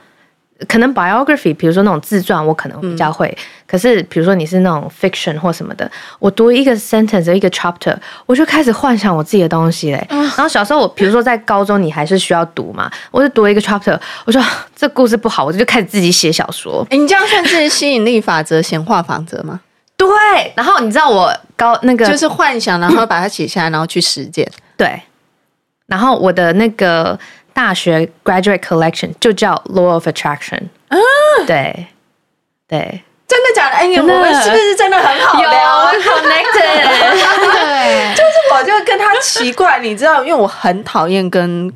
可能 biography，比如說那種自傳，我可能比較會。嗯、可是比如說你是那種 fiction 或什麼的，我讀一個 sentence 或一個 chapter，我就開始幻想我自己的東西嘞。嗯、然後小時候我，比如說在高中，你還是需要讀嘛，我就讀一個 chapter，我說這故事不好，我就開始自己寫小說。欸、你這樣算是吸引力法則、顯 [LAUGHS] 化法則嗎？對。然後你知道我高那個就是幻想，然後把它寫下來， [LAUGHS] 然後去實踐。對。然後我的那個。大學 graduate collection 就叫 Law of Attraction，對、啊、對，對真的假的？哎、欸、呀，的我們是不是真的很好聊、啊、？有 Connected， [LAUGHS] 對，就是我就跟他奇怪，你知道，因為我很討厭跟，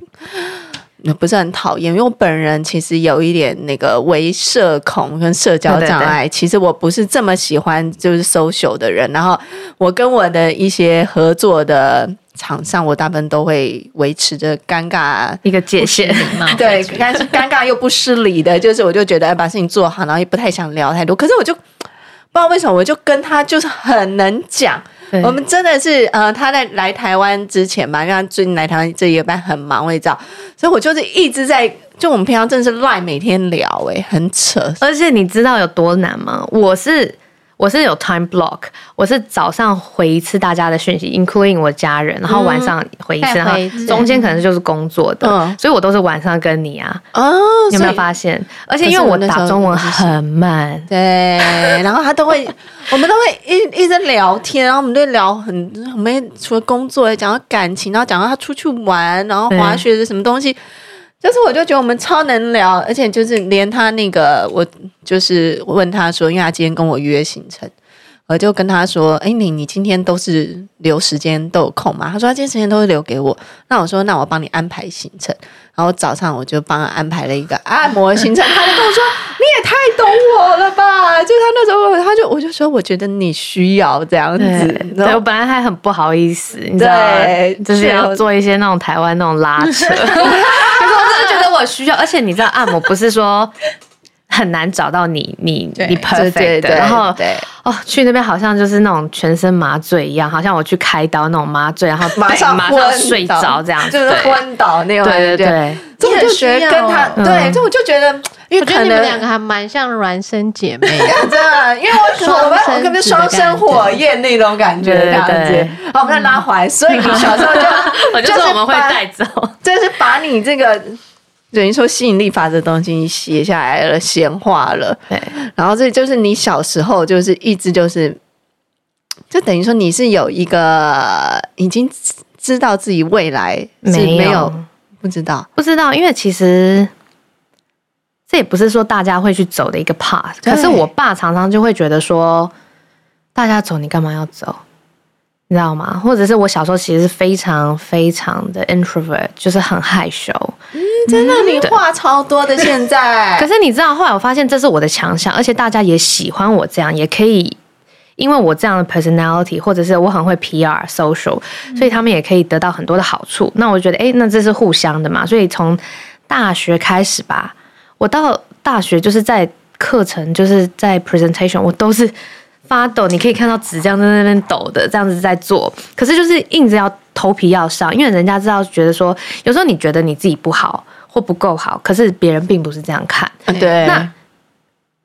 不是很討厭，因為我本人其實有一點那個微社恐跟社交障礙，對對對，其實我不是這麼喜歡就是 social 的人，然後我跟我的一些合作的。場上我大部分都會維持着尷尬一個界限， [LAUGHS] 對，但是尷尬又不失禮的， [LAUGHS] 就是我就覺得要把事情做好，然後也不太想聊太多。可是我就不知道為什麼，我就跟他就是很能講，對我們真的是呃，他在來台灣之前嘛，因為他最近來台灣這一個班很忙，我也知道，所以我就是一直在就我們平常真的是 LINE 每天聊哎、欸，很扯，而且你知道有多難嗎？我是。我是有 time block，我是早上回一次大家的訊息，including 我家人，然後晚上回一次，嗯、然後中間可能就是工作的，嗯、所以我都是晚上跟你啊。哦，有沒有發現？以而且因為我打中文很慢，就是、對，然後他都會， [LAUGHS] 我們都會一一直聊天，然後我們就聊很，我們除了工作，也講到感情，然後講到他出去玩，然後滑雪的什麼東西。就是我就覺得我們超能聊，而且就是連他那個，我就是問他說，因為他今天跟我約行程，我就跟他說，哎、欸，你你今天都是留時間都有空嗎？他說他今天時間都是留給我。那我說那我幫你安排行程。然後早上我就幫他安排了一個按摩行程。他就跟我說， [LAUGHS] 你也太懂我了吧？就他那時候，他就我就說，我覺得你需要這樣子。我本來還很不好意思，對你知道就是要做一些那種台灣那種拉扯。 [LAUGHS] 需要，而且你知道按摩不是說很難找到你，你你 perfect，然後哦，去那邊好像就是那種全身麻醉一樣，好像我去開刀那種麻醉，然後馬上馬上睡着這樣，就是昏倒那種。對對對，這我就覺得跟他，對，這我就覺得，我覺得你們兩個還蠻像孿生姐妹，真的，因為我是我們我們是雙生火焰那種感覺，對，感覺，好，我們拉懷，所以你小時候就，我就是我們會帶走，就是把你這個。等於說吸引力法則東西寫下來了，顯化了。對。然後這就是你小時候，就是一直就是，就等於說你是有一個已經知道自己未來是沒有，沒有不知道不知道，因為其實這也不是說大家會去走的一個 path。對可是我爸常常就會覺得說，大家走，你幹嘛要走？你知道嗎？或者是我小時候其實是非常非常的 introvert，就是很害羞。嗯，真的，你話超多的現在。對 [LAUGHS] 可是你知道，後來我發現這是我的強項，而且大家也喜歡我這樣，也可以因為我這樣的 personality，或者是我很會 PR social，所以他們也可以得到很多的好處。嗯、那我覺得，哎、欸，那這是互相的嘛。所以從大學開始吧，我到大學就是在課程，就是在 presentation，我都是。發抖，你可以看到紙這樣在那邊抖的，這樣子在做，可是就是硬着要頭皮要上，因為人家知道覺得說，有時候你覺得你自己不好或不夠好，可是別人並不是這樣看。對，那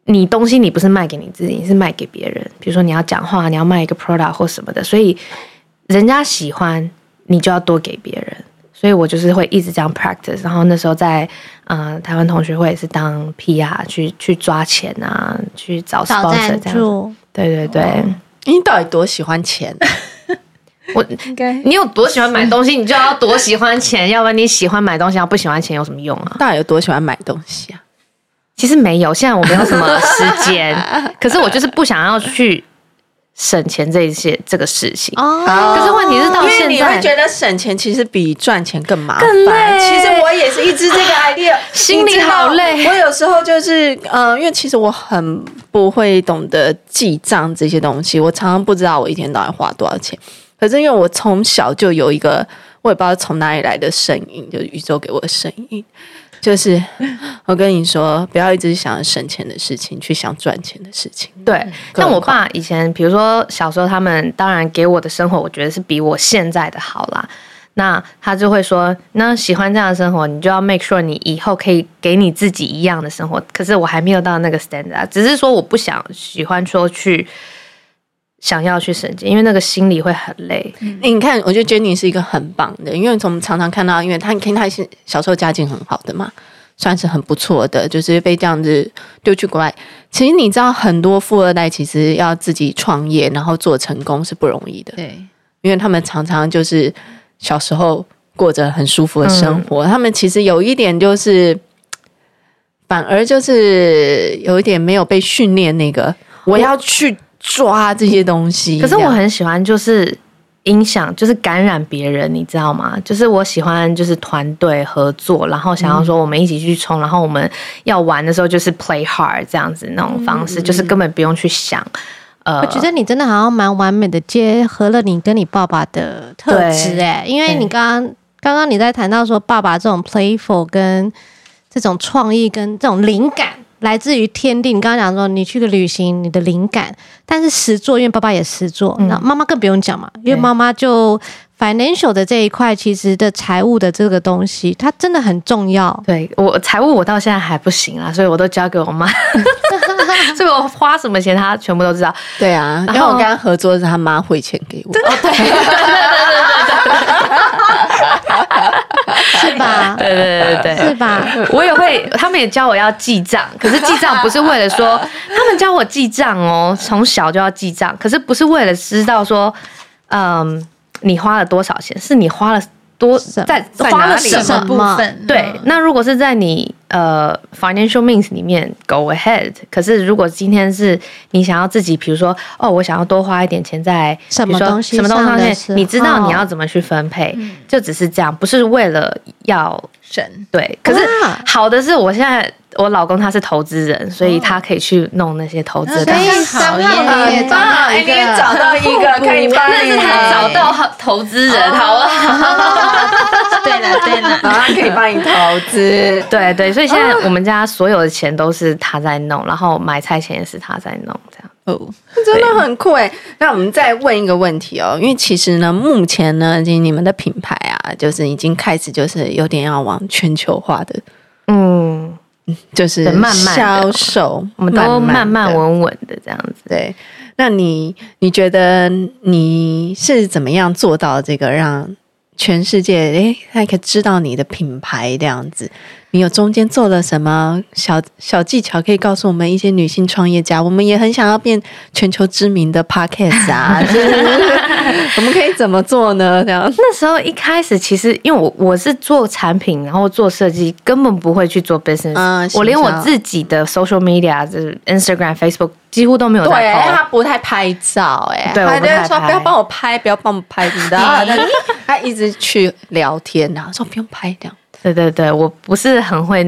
你東西你不是賣給你自己，你是賣給別人。比如說你要講話，你要賣一個 product 或什麼的，所以人家喜歡你就要多給別人。所以我就是會一直這樣 practice，然後那時候在呃台灣同學會也是當 PR 去去抓錢啊，去找 sponsor 這樣做。對對對，Okay. 你到底多喜歡錢？我應該你有多喜歡買東西，你就要多喜歡錢，要不然你喜歡買東西然後不喜歡錢有什麼用啊？到底有多喜歡買東西啊？其實沒有，現在我沒有什麼時間， [LAUGHS] 可是我就是不想要去。省錢這一些這個事情，oh, 可是問題是到現在，因為你會覺得省錢其實比賺錢更麻煩。更累。其實我也是一直這個 idea，啊，心裡好累。我有時候就是，嗯，呃，因為其實我很不會懂得記賬這些東西，我常常不知道我一天到底花多少錢。可是因為我從小就有一個，我也不知道從哪裡來的聲音，就是宇宙給我的聲音。就是，我跟你說，不要一直想要省錢的事情，去想賺錢的事情。對，像、嗯、我爸以前，比如說小時候，他們當然給我的生活，我覺得是比我現在的好啦。那他就會說：“那喜歡這樣的生活，你就要 make sure 你以後可以給你自己一樣的生活。”可是我還沒有到那個 standard，只是說我不想喜歡說去。想要去省錢，因為那個心裡會很累。嗯、你看，我覺得 Jenny 是一個很棒的，因為從我們常常看到，因為他你看他是小時候家境很好的嘛，算是很不錯的，就是被這樣子丟去國外。其實你知道，很多富二代其實要自己創業然後做成功是不容易的，對，因為他們常常就是小時候過着很舒服的生活，嗯、他們其實有一點就是，反而就是有一點沒有被訓練那個我要去。抓這些東西，可是我很喜歡，就是影響，就是感染別人，你知道嗎？就是我喜歡，就是團隊合作，然後想要說我們一起去衝，嗯、然後我們要玩的時候就是 play hard 這樣子，嗯、那種方式，就是根本不用去想。嗯、呃，我覺得你真的好像蠻完美的結合了你跟你爸爸的特質哎、欸，對 因為你剛剛剛剛你在談到說爸爸這種 playful 跟這種創意跟這種靈感。來自於天地，你剛剛講說你去個旅行，你的靈感，但是實作，因為爸爸也實作，那、嗯、媽媽更不用講嘛，嗯、因為媽媽就 financial 的這一塊，其實的財務的這個東西，它真的很重要。對我財務，我到現在還不行啊，所以我都交給我媽， [LAUGHS] [LAUGHS] 所以我花什麼錢，她全部都知道。對啊，然後我剛剛合作是她媽匯錢給我。對對對對對對。哦對 [LAUGHS] [LAUGHS] [LAUGHS] 是吧？對對對對對，是吧？ [LAUGHS] 我也會，他們也教我要記賬，可是記賬不是為了說，他們教我記賬哦，從小就要記賬，可是不是為了知道說，嗯，你花了多少錢，是你花了多麼在花了什麼部分？對，那如果是在你。呃，financial means 裡面 go ahead。可是如果今天是你想要自己，比如說，哦，我想要多花一點錢在什麼東西，什麼東西上面，你知道你要怎麼去分配，就只是這樣，不是為了要省。對，可是好的是我現在我老公他是投資人，所以他可以去弄那些投資。討厭，你也找到一個可以，但是他找到投資人好不好？對的，對的，他可以幫你投資。對對。所以現在我們家所有的錢都是他在弄，哦、然後買菜錢也是他在弄，這樣哦，真的很酷哎。對那我們再問一個問題哦，因為其實呢，目前呢，你們的品牌啊，就是已經開始就是有點要往全球化的，嗯，就是銷售我們都慢慢穩穩的這樣子。對，那你你覺得你是怎麼樣做到這個，讓全世界哎，還可以知道你的品牌這樣子？你有中間做了什麼小小技巧可以告訴我們一些女性創業家？我們也很想要變全球知名的 Podcast 啊，我們可以怎麼做呢？這樣那時候一開始其實因為我我是做產品，然後做設計，根本不會去做 business。嗯、我連我自己的 social media，、嗯、就是 Instagram、Facebook，幾乎都沒有。對，他不太拍照、欸，哎，對我不說不要幫我拍，不要幫我拍，你知道 [LAUGHS] 他一直去聊天然、啊、呢，說不用拍這樣。對對對，我不是很會，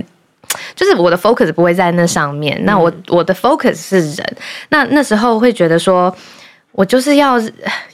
就是我的 focus 不會在那上面。那我我的 focus 是人。那那時候會覺得說，我就是要，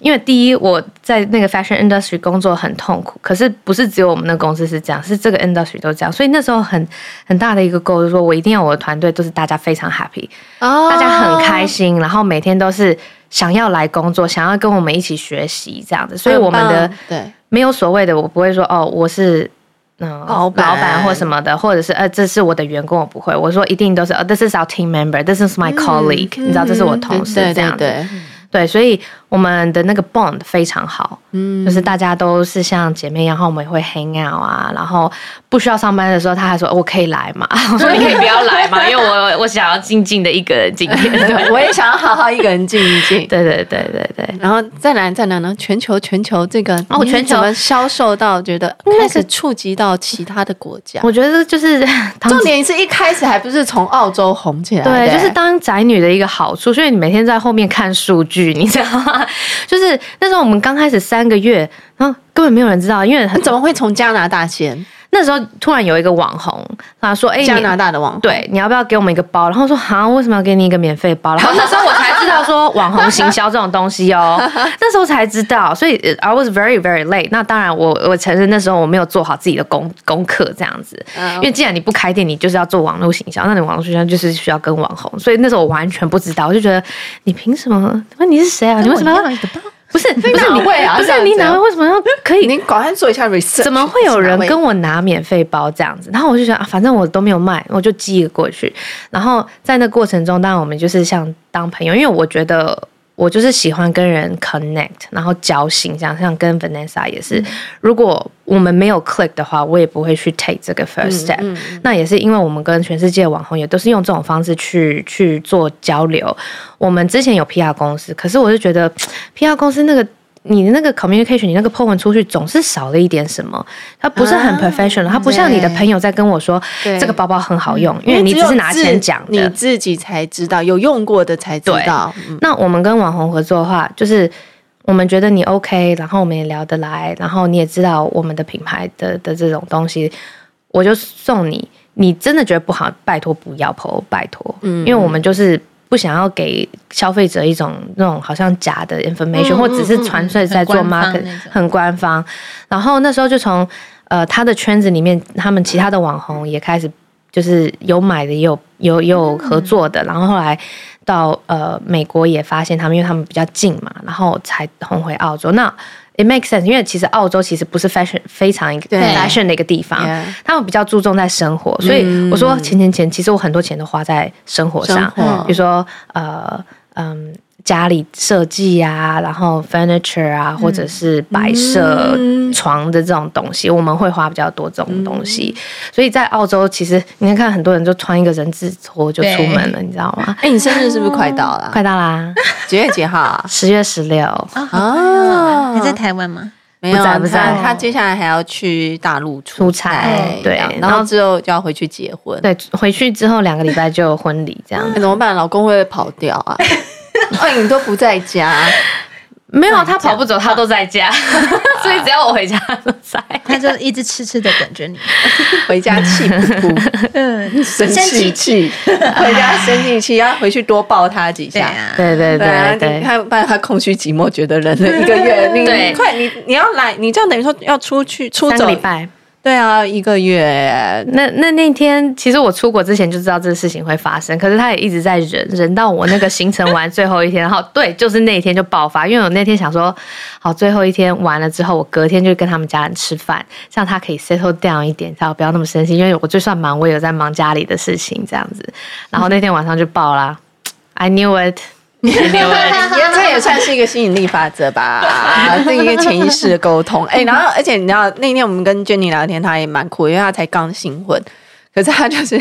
因為第一我在那個 fashion industry 工作很痛苦，可是不是只有我們的公司是這樣，是這個 industry 都這樣。所以那時候很很大的一個 goal，就是說，我一定要我的團隊都是大家非常 happy，哦，大家很開心，然後每天都是想要來工作，想要跟我們一起學習這樣的。所以我們的對沒有所謂的，我不會說哦，我是。那老闆或什麼的，或者是呃，這是我的員工，我不會。我說一定都是，呃、oh，this is our team member，this is my colleague，嗯嗯、你知道，這是我同事這樣子。對，對，對，對，所以。我們的那個 bond 非常好，嗯，就是大家都是像姐妹一樣，然後我們也會 hang out 啊，然後不需要上班的時候，他還說我可以來嘛，我說你可以不要來嘛， [LAUGHS] 因為我我想要靜靜的一個人靜一靜，對 [LAUGHS] [LAUGHS] 我也想要好好一個人靜一靜， [LAUGHS] 對對對對對，然後再來再來呢，全球全球這個哦，全球，怎麼銷售到覺得開始觸及到其他的國家？嗯，我覺得就是重點是一開始還不是從澳洲紅起來的，對，就是當宅女的一個好處，對所以你每天在後面看數據，你知道嗎？ [LAUGHS] 就是那時候，我們剛開始三個月，然後根本沒有人知道，因為很怎麼會從加拿大先？那時候突然有一個網紅，他說：“哎、欸，加拿大的網紅，對，你要不要給我們一個包？”然後說：“啊，為什麼要給你一個免費包？” [LAUGHS] 然後那時候我才知道說網紅行銷這種東西哦、喔， [LAUGHS] 那時候才知道。所以 I was very very late。那當然我，我我承認那時候我沒有做好自己的功功課這樣子，因為既然你不開店，你就是要做網絡行銷，那你網絡行銷就是需要跟網紅。所以那時候我完全不知道，我就覺得你憑什麼？那你是誰啊？你為什麼要？ [LAUGHS] 不是，不是你會啊，啊？不是你哪位？為什麼要可以？您趕快做一下 research，怎麼會有人跟我拿免費包這樣子？然後我就想，啊，反正我都沒有賣，我就寄個過去。然後在那過程中，當然我們就是像當朋友，因為我覺得。我就是喜歡跟人 connect，然後交心，像像跟 Vanessa 也是，如果我們沒有 click 的話，我也不會去 take 這個 first step。嗯嗯、那也是因為我們跟全世界的網紅也都是用這種方式去去做交流。我們之前有 PR 公司，可是我就覺得 [LAUGHS] PR 公司那個。你的那個 communication，你那個 po 文出去總是少了一點什麼，它不是很 professional，、uh, 它不像你的朋友在跟我說對這個包包很好用。因為，因為你只是拿錢講，你自己才知道有用過的才知道。那我們跟網紅合作的話，就是我們覺得你 OK，然後我們也聊得來，然後你也知道我們的品牌的的這種東西，我就送你。你真的覺得不好，拜託不要 po，拜託，因為我們就是。不想要給消費者一種那種好像假的 information，或只是純粹在做 market 種，很官方。然後那時候就從呃他的圈子裡面，他們其他的網紅也開始就是有買的，也有有有合作的。嗯、然後後來到呃美國也發現他們，因為他們比較近嘛，然後才紅回澳洲。那 It makes sense，因為其實澳洲其實不是 fashion，非常 fashion 的一個地方，對他們比較注重在生活，對所以我說錢錢錢，其實我很多錢都花在生活上，嗯、比如說、嗯、呃，嗯、呃。家裡設計啊，然後 furniture 啊，或者是擺設床的這種東西，我們會花比較多這種東西。所以在澳洲，其實你看，看很多人就穿一個人字拖就出門了，你知道嗎？哎，你生日是不是快到了？快到啦！幾月幾號啊？十月十六啊！還在台灣嗎？沒有，不在，不在。他接下來還要去大陸出差，出差，對。然後之後就要回去結婚，對，回去之後兩個禮拜就有婚禮，這樣子怎麼辦？老公會不會跑掉啊？哎、哦，你都不在家。 [LAUGHS] 沒有，他跑不走，他都在家， [LAUGHS] 所以只要我回家他都在。他就一直痴痴的等着你 [LAUGHS] 回家氣呼呼。嗯，生氣氣， [LAUGHS] 回家生氣氣，要回去多抱他幾下。對，啊、對，對對對對，他不然他空虛寂寞，覺得冷了一個月， [LAUGHS] 對你快你你要來，你這樣等於說要出去出走禮拜。對啊，一個月。那那那天，其實我出國之前就知道這事情會發生，可是他也一直在忍，忍到我那個行程完最後一天， [LAUGHS] 然後對，就是那一天就爆發。因為我那天想說，好，最後一天完了之後，我隔天就跟他們家人吃飯，這樣他可以 settle down 一點，他不要那麼生氣。因為我就算忙，我也有在忙家裡的事情這樣子。然後那天晚上就爆啦 [LAUGHS] I knew it。這 [LAUGHS] 也算是一個吸引力法則吧，是 [LAUGHS] 一個潛意識的溝通。哎、欸，然後而且你知道，那天我們跟 Jenny 聊天，她也蠻酷，因為她才剛新婚，可是她就是，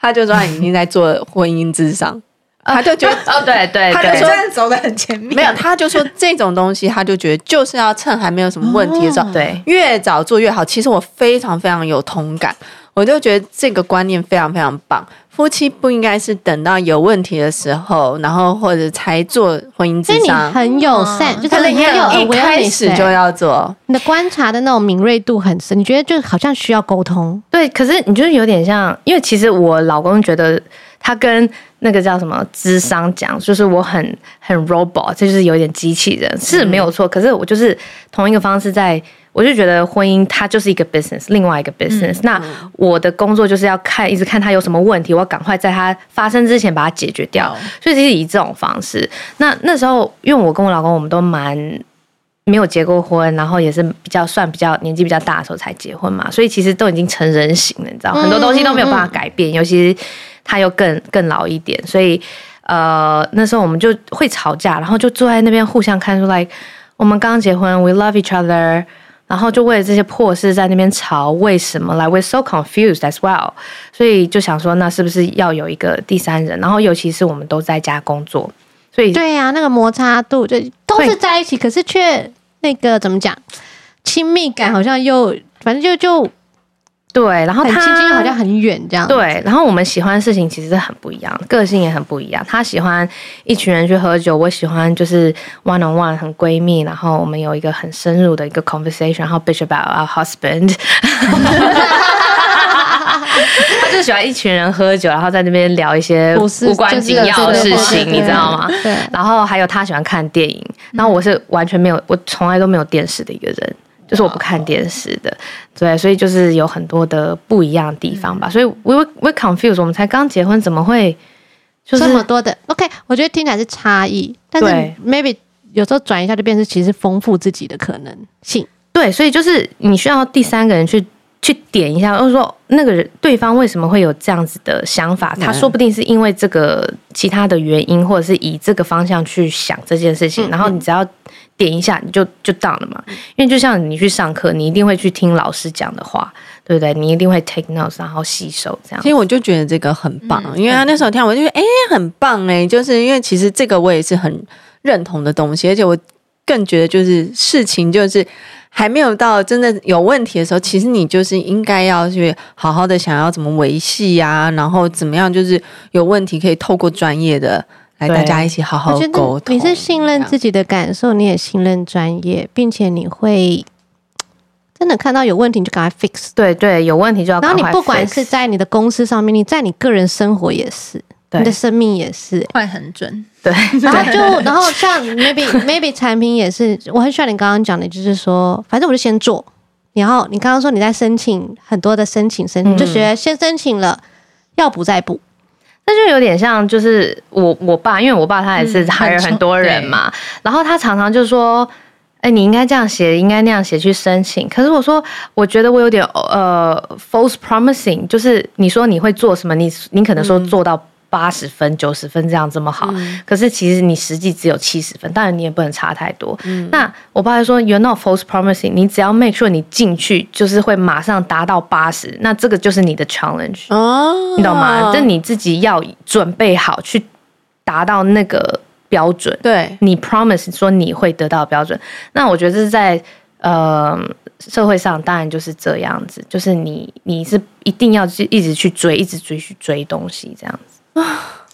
她就說他已經在做婚姻諮商。她 [LAUGHS] 就覺得 [LAUGHS] [LAUGHS] 哦，對對，她就說現在走的很前面。沒有，她就說這種東西，她就覺得就是要趁還沒有什麼問題的時候，哦、對，越早做越好。其實我非常非常有同感。我就覺得這個觀念非常非常棒，夫妻不應該是等到有問題的時候，然後或者才做婚姻諮商，很友善，哦、就他們也有，一、欸、開始就要做。你的觀察的那種敏銳度很深，你覺得就好像需要溝通，對。可是你就是有點像，因為其實我老公覺得他跟那個叫什麼諮商講，就是我很很 robot，就是有點機器人是沒有錯。可是我就是同一個方式在。我就覺得婚姻它就是一個 business，另外一個 business。嗯、那我的工作就是要看，一直看它有什麼問題，我要趕快在它發生之前把它解決掉。嗯、所以其實以這種方式。那那時候，因為我跟我老公我們都蠻沒有結過婚，然後也是比較算比較年紀比較大的時候才結婚嘛，所以其實都已經成人形了，你知道，很多東西都沒有辦法改變。嗯嗯，尤其是他又更更老一點，所以呃，那時候我們就會吵架，然後就坐在那邊互相看，說、like, 來我們剛結婚，we love each other。然後就為了這些破事在那邊吵，為什麼來、like、We're so confused as well。所以就想說，那是不是要有一個第三人？然後尤其是我們都在家工作，所以對呀、啊，那個摩擦度就都是在一起，對可是卻那個怎麼講，親密感好像又反正就就。對，然後他很親近，好像很遠這樣。對，然後我們喜歡的事情其實很不一樣，個性也很不一樣。他喜歡一群人去喝酒，我喜歡就是 one on one 很閨蜜，然後我們有一個很深入的一個 conversation，然後 bitch about our husband。哈哈哈！他就喜歡一群人喝酒，然後在那邊聊一些無關緊要的事情， [LAUGHS] 你知道嗎？ [LAUGHS] 對。對，然後還有他喜歡看電影，然後我是完全沒有，我從來都沒有電視的一個人。就是我不看電視的，oh, okay. 對，所以就是有很多的不一樣的地方吧。嗯，所以 we we confuse 我們才剛結婚怎麼會這麼多的？OK，我覺得聽起來是差異，對，但是 maybe 有時候轉一下就變成其實豐富自己的可能性。對，所以就是你需要第三個人去 Okay. 去點一下，就是說那個人對方為什麼會有這樣子的想法？嗯，他說不定是因為這個其他的原因，或者是以這個方向去想這件事情。嗯，然後你只要。點一下你就就到了嘛，因為就像你去上課，你一定會去聽老師講的話，對不對？你一定會 take notes，然後吸收這樣。其實我就覺得這個很棒，嗯、因為他那時候聽，我就覺得哎、嗯欸、很棒哎、欸，就是因為其實這個我也是很認同的東西，而且我更覺得就是事情就是還沒有到真的有問題的時候，其實你就是應該要去好好的想要怎麼維繫啊，然後怎麼樣就是有問題可以透過專業的。大家一起好好溝通。你是信任自己的感受，你也信任專業，並且你會真的看到有問題就趕快 fix。對對，有問題就要趕快。然後你不管是在你的公司上面，你在你個人生活也是，對你的生命也是，快狠準。對，對然後就然後像 maybe maybe 產品也是，我很喜歡你剛剛講的，就是說，反正我就先做。然後你剛剛說你在申請很多的申請，申請就覺得先申請了要補再補。那就有點像，就是我我爸，因為我爸他也是，還有很多人嘛。嗯、然後他常常就說：“哎、欸，你應該這樣寫，應該那樣寫去申請。”可是我說：“我覺得我有點呃，false promising，、嗯、就是你說你會做什麼，你你可能說做到。”八十分、九十分這樣這麼好，嗯、可是其實你實際只有七十分，當然你也不能差太多。嗯、那我爸就說，you're not false promising，你只要 make sure 你進去就是會馬上達到八十，那這個就是你的 challenge，、哦、你懂嗎？但你自己要準備好去達到那個標準。對，你 promise 說你會得到標準，那我覺得這是在呃社會上，當然就是這樣子，就是你你是一定要去一直去追，一直追去追，追東西這樣子。啊，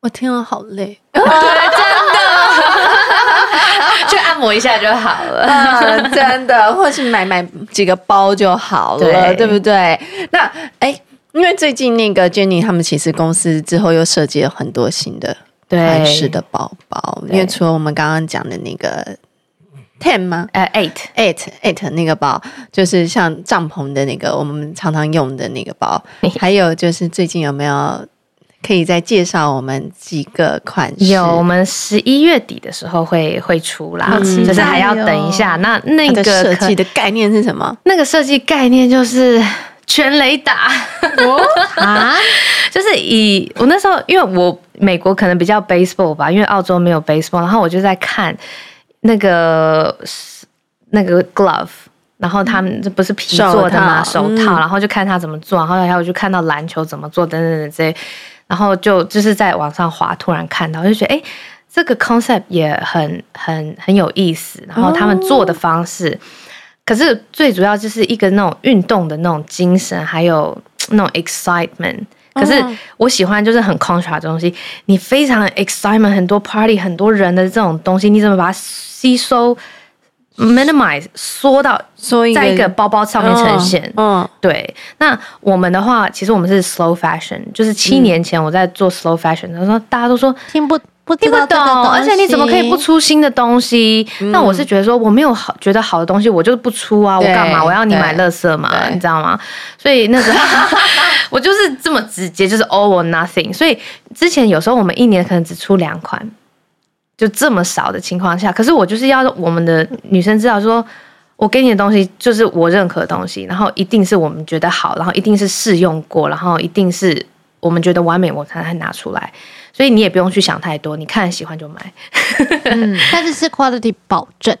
我聽了好累，啊、真的， [LAUGHS] 就按摩一下就好了，啊，真的，或是買買幾個包就好了，對，對不對？那哎、欸，因為最近那個 Jenny 他們其實公司之後又設計了很多新的款式的包包，因為對除了我們剛剛講的那個。ten 嗎？eight，eight，eight 那個包就是像帳篷的那個，我們常常用的那個包。 [LAUGHS] 還有就是最近有沒有可以再介紹我們幾個款式？有，我們十一月底的時候會會出啦，嗯、就是還要等一下。嗯嗯、那那個設計的，的概念是什麼？那個設計概念就是全壘打。哦、 [LAUGHS] 啊，就是以我那時候，因為我美國可能比較 baseball 吧，因為澳洲沒有 baseball，然後我就在看。那個是那個 glove，然後他們這不是皮做的嘛手套，out, 然後就看他怎麼做，嗯、然後還有就看到籃球怎麼做等等等這些。然後就就是在網上滑，突然看到就覺得欸，這個 concept 也很很很有意思，然後他們做的方式，oh. 可是最主要就是一個那種運動的那種精神，還有那種 excitement。可是我喜歡就是很 contra 的東西，你非常 excitement 很多 party 很多人的這種東西，你怎麼把它吸收、minimize 縮到在一個包包上面呈現？哦、嗯，對。那我們的話，其實我們是 slow fashion，就是七年前我在做 slow fashion 的時候、嗯、大家都說聽不。聽不，不懂，而且你怎麼可以不出新的東西？那、嗯、我是覺得說，我沒有好覺得好的東西，我就不出啊！對 我幹嘛？我要你買樂色嘛？對 你知道嗎？所以那個， [LAUGHS] [LAUGHS] 我就是這麼直接，就是 all or nothing。所以之前有時候我們一年可能只出兩款，就這麼少的情況下，可是我就是要我們的女生知道說，說我給你的東西就是我認可的東西，然後一定是我們覺得好，然後一定是試用過，然後一定是我們覺得完美，我才拿出來。所以你也不用去想太多，你看喜歡就買。 [LAUGHS] 嗯、但是是 quality 保證，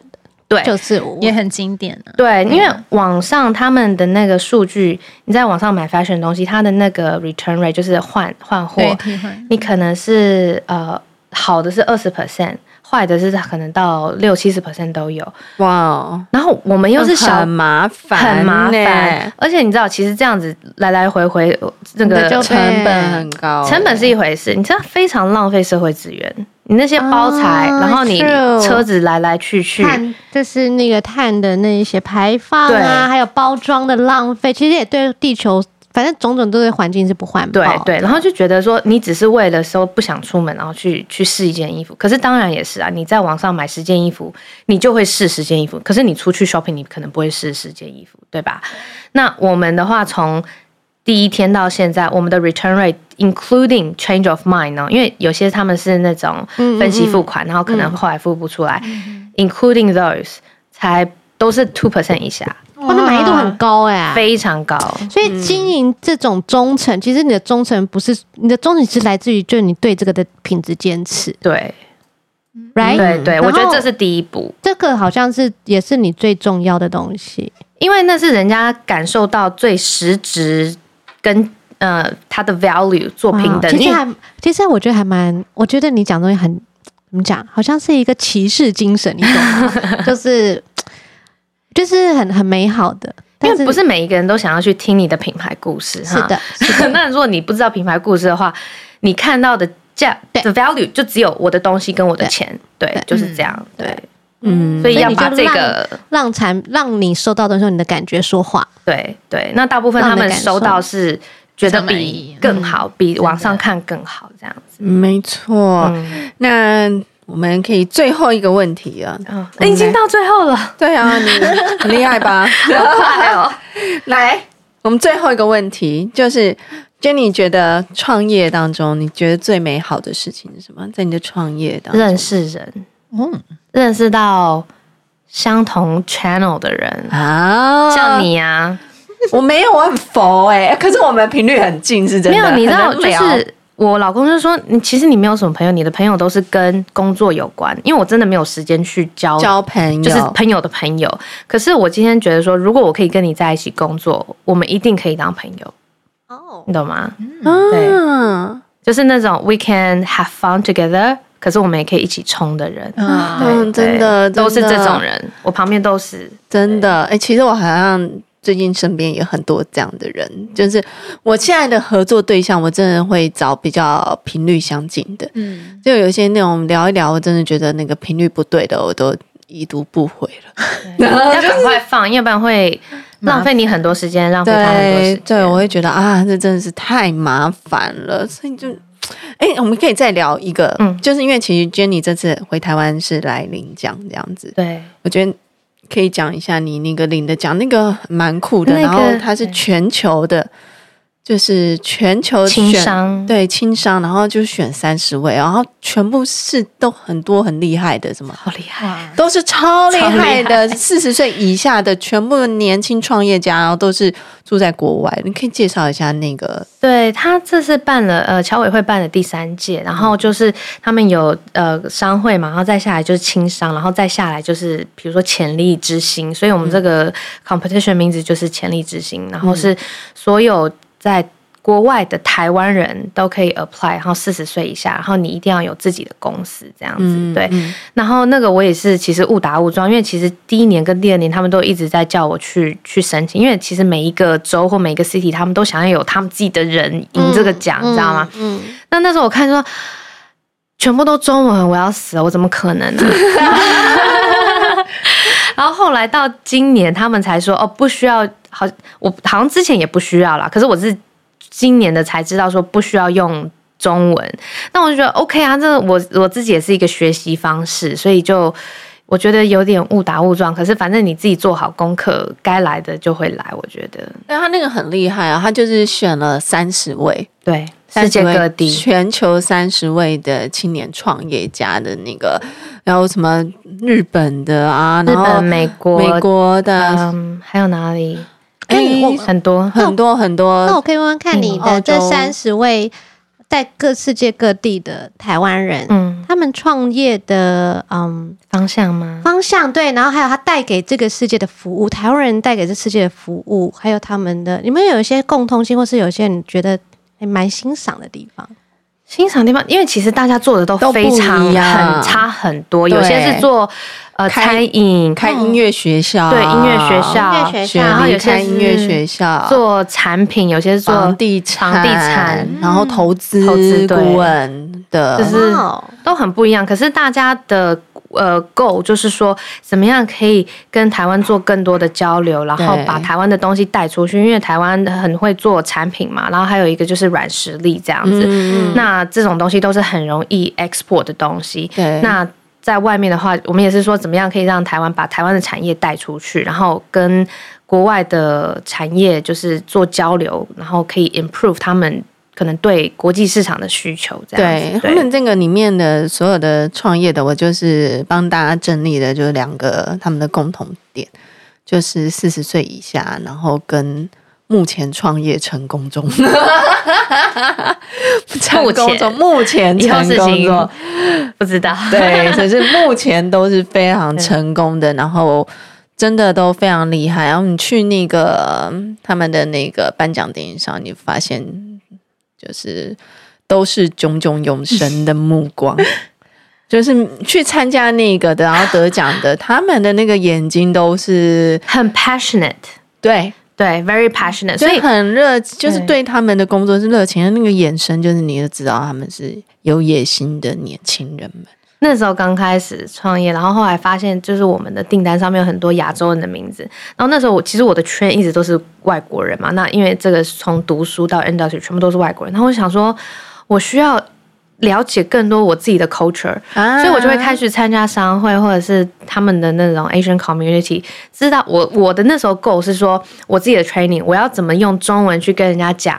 對，就是也很經典，啊，對，因為網上他們的那個數據，你在網上買 fashion 東西，它的那個 return rate 就是換換貨，替換，你可能是呃好的是二十 percent。壞的是，它可能到六七十%都有哇，wow, 然後我們又是小，很麻煩，很麻煩，而且你知道，其實這樣子來來回回，那個成本很高，成本是一回事，你知道非常浪費社會資源，你那些包材，對然後你車子來來去去，碳就是那個碳的那一些排放啊，對還有包裝的浪費，其實也對地球。反正種種都對環境是不環保、嗯，對對，然後就覺得說你只是為了說不想出門，然後去去試一件衣服。可是當然也是啊，你在網上買十件衣服，你就會試十件衣服。可是你出去 shopping，你可能不會試十件衣服，對吧？嗯、那我們的話，從第一天到現在，我們的 return rate including change of mind 呢？因為有些他們是那種分期付款，嗯嗯嗯，然後可能後來付不出來嗯嗯，including those 才都是 two percent 以下。哇，那滿意度很高哎、欸啊，非常高。所以經營這種忠誠，嗯、其實你的忠誠不是你的忠誠，是來自於就是你對這個的品質堅持。對，right、嗯、對，對對，然後，我覺得這是第一步，這個好像是也是你最重要的東西，因為那是人家感受到最實質跟呃他的 value 作品等。其實還，其實我覺得還蠻，我覺得你講東西很怎麼講，好像是一個騎士精神，你懂嗎？ [LAUGHS] 就是。就是很很美好的，因為不是每一個人都想要去聽你的品牌故事哈。是的，那如果你不知道品牌故事的話，你看到的價的 value 就只有我的東西跟我的錢，對，就是這樣，對，嗯，所以要把這個讓產讓你收到的時候，你的感覺說話，對對。那大部分他們收到是覺得比更好，比網上看更好，這樣子，沒錯。那。我們可以最後一個問題啊，oh, Okay. 已經到最後了，對啊，你很厲害吧？我誇 [LAUGHS] 哦。來，我們最後一個問題就是 Jenny 覺得創業當中你覺得最美好的事情是什麼？在你的創業當中，認識人，嗯、哦，認識到相同 channel 的人啊，像你啊，我沒有，我很佛哎、欸，可是我們頻率很近，是真的。沒有，你知道就是。我老公就說：“你其實你沒有什麼朋友，你的朋友都是跟工作有關，因為我真的沒有時間去交交朋友，就是朋友的朋友。可是我今天覺得說，如果我可以跟你在一起工作，我們一定可以當朋友。哦，你懂嗎？嗯，對，就是那種 we can have fun together，可是我們也可以一起衝的人。嗯，真的，真的都是這種人，我旁邊都是真的對、欸。其實我好像……最近身邊也很多這樣的人，就是我現在的合作對象，我真的會找比較頻率相近的，嗯，就有些內容聊一聊，我真的覺得那個頻率不對的，我都已讀不回了，要趕快放，因為要不然會浪費你很多時間，浪費他很多時間對，對，我會覺得啊，這真的是太麻煩了，所以就，哎、欸，我們可以再聊一個，嗯，就是因為其實 Jenny 這次回台灣是來領獎這樣子，對我覺得。可以講一下你那個領的獎，那個蠻酷的，那個、然後它是全球的。嗯嗯就是全球青商對青商，然後就選三十位，然後全部是都很多很厲害的什，怎麼好厲害啊？都是超厲害的，四十歲以下的全部年輕創業家，然後都是住在國外。你可以介紹一下那個？對，他這次辦了呃，僑委會辦的第三屆，然後就是他們有呃商會嘛，然後再下來就是青商，然後再下來就是比如說潛力之星，所以我們這個 competition 名字就是潛力之星，然後是所有。在國外的台灣人都可以 apply，然後四十歲以下，然後你一定要有自己的公司這樣子。嗯、對，然後那個我也是其實誤打誤撞，因為其實第一年跟第二年他們都一直在叫我去去申請，因為其實每一個州或每一個 city 他們都想要有他們自己的人贏這個獎，嗯、你知道嗎？嗯。嗯，那那時候我看說，全部都中文，我要死了，我怎麼可能呢？啊？ [LAUGHS] 然後後來到今年，他們才說哦，不需要，好，我好像之前也不需要啦。可是我是今年的才知道說不需要用中文，那我就覺得 OK 啊，這我我自己也是一個學習方式，所以就我覺得有點誤打誤撞。可是反正你自己做好功課，該來的就會來，我覺得。但他那個很厲害啊，他就是選了三十位，對。世界各地，全球三十位的青年創業家的那個，然後什麼日本的啊，然後美國美國的，還有哪裡？哎，很多很多很多。那我可以問問看你的這三十位在各世界各地的台灣人，嗯，他們創業的嗯方向嗎？方向對，然後還有他帶給這個世界的服務，台灣人帶給這世界的服務，還有他們的，你們有一些共通性，或是有些人覺得。還蠻欣賞的地方，欣賞地方，因為其實大家做的都非常很差很多，有些是做呃餐飲、開音樂學校，對，音樂學校、音樂學校，然後有些音樂學校做產品，有些是做地房地產，然後投資投資顧問的，就是都很不一樣。可是大家的。呃，Go, 就是說怎麼樣可以跟台灣做更多的交流，然後把台灣的東西帶出去，對因為台灣很會做產品嘛。然後還有一個就是軟實力這樣子，嗯嗯那這種東西都是很容易 export 的東西。對那在外面的話，我們也是說怎麼樣可以讓台灣把台灣的產業帶出去，然後跟國外的產業就是做交流，然後可以 improve 他們。可能對國際市場的需求，對，對他們這個裡面的所有的創業的，我就是幫大家整理的，就是兩個他們的共同點，就是四十歲以下，然後跟目前創業成功中， [LAUGHS] [LAUGHS] 成功中，目前，目前成功中， [LAUGHS] 不知道，對，只是目前都是非常成功的，對然後真的都非常厲害。然後你去那個他們的那個頒獎典禮上，你發現。就是都是炯炯有神的目光， [LAUGHS] 就是去參加那個的，然後得獎的，他們的那個眼睛，都是很 passionate，對對，very passionate，對，所以很熱，就是對他們的工作是熱情的對那個眼神，就是你就知道他們是有野心的年輕人們。那時候剛開始創業，然後後來發現，就是我們的訂單上面有很多亞洲人的名字。然後那時候我其實我的圈一直都是外國人嘛，那因為這個從讀書到 industry 全部都是外國人。然後我想說，我需要了解更多我自己的 culture，啊，所以我就會開始參加商會或者是他們的那種 Asian community，知道我我的那時候 goal 是說我自己的 training，我要怎麼用中文去跟人家講。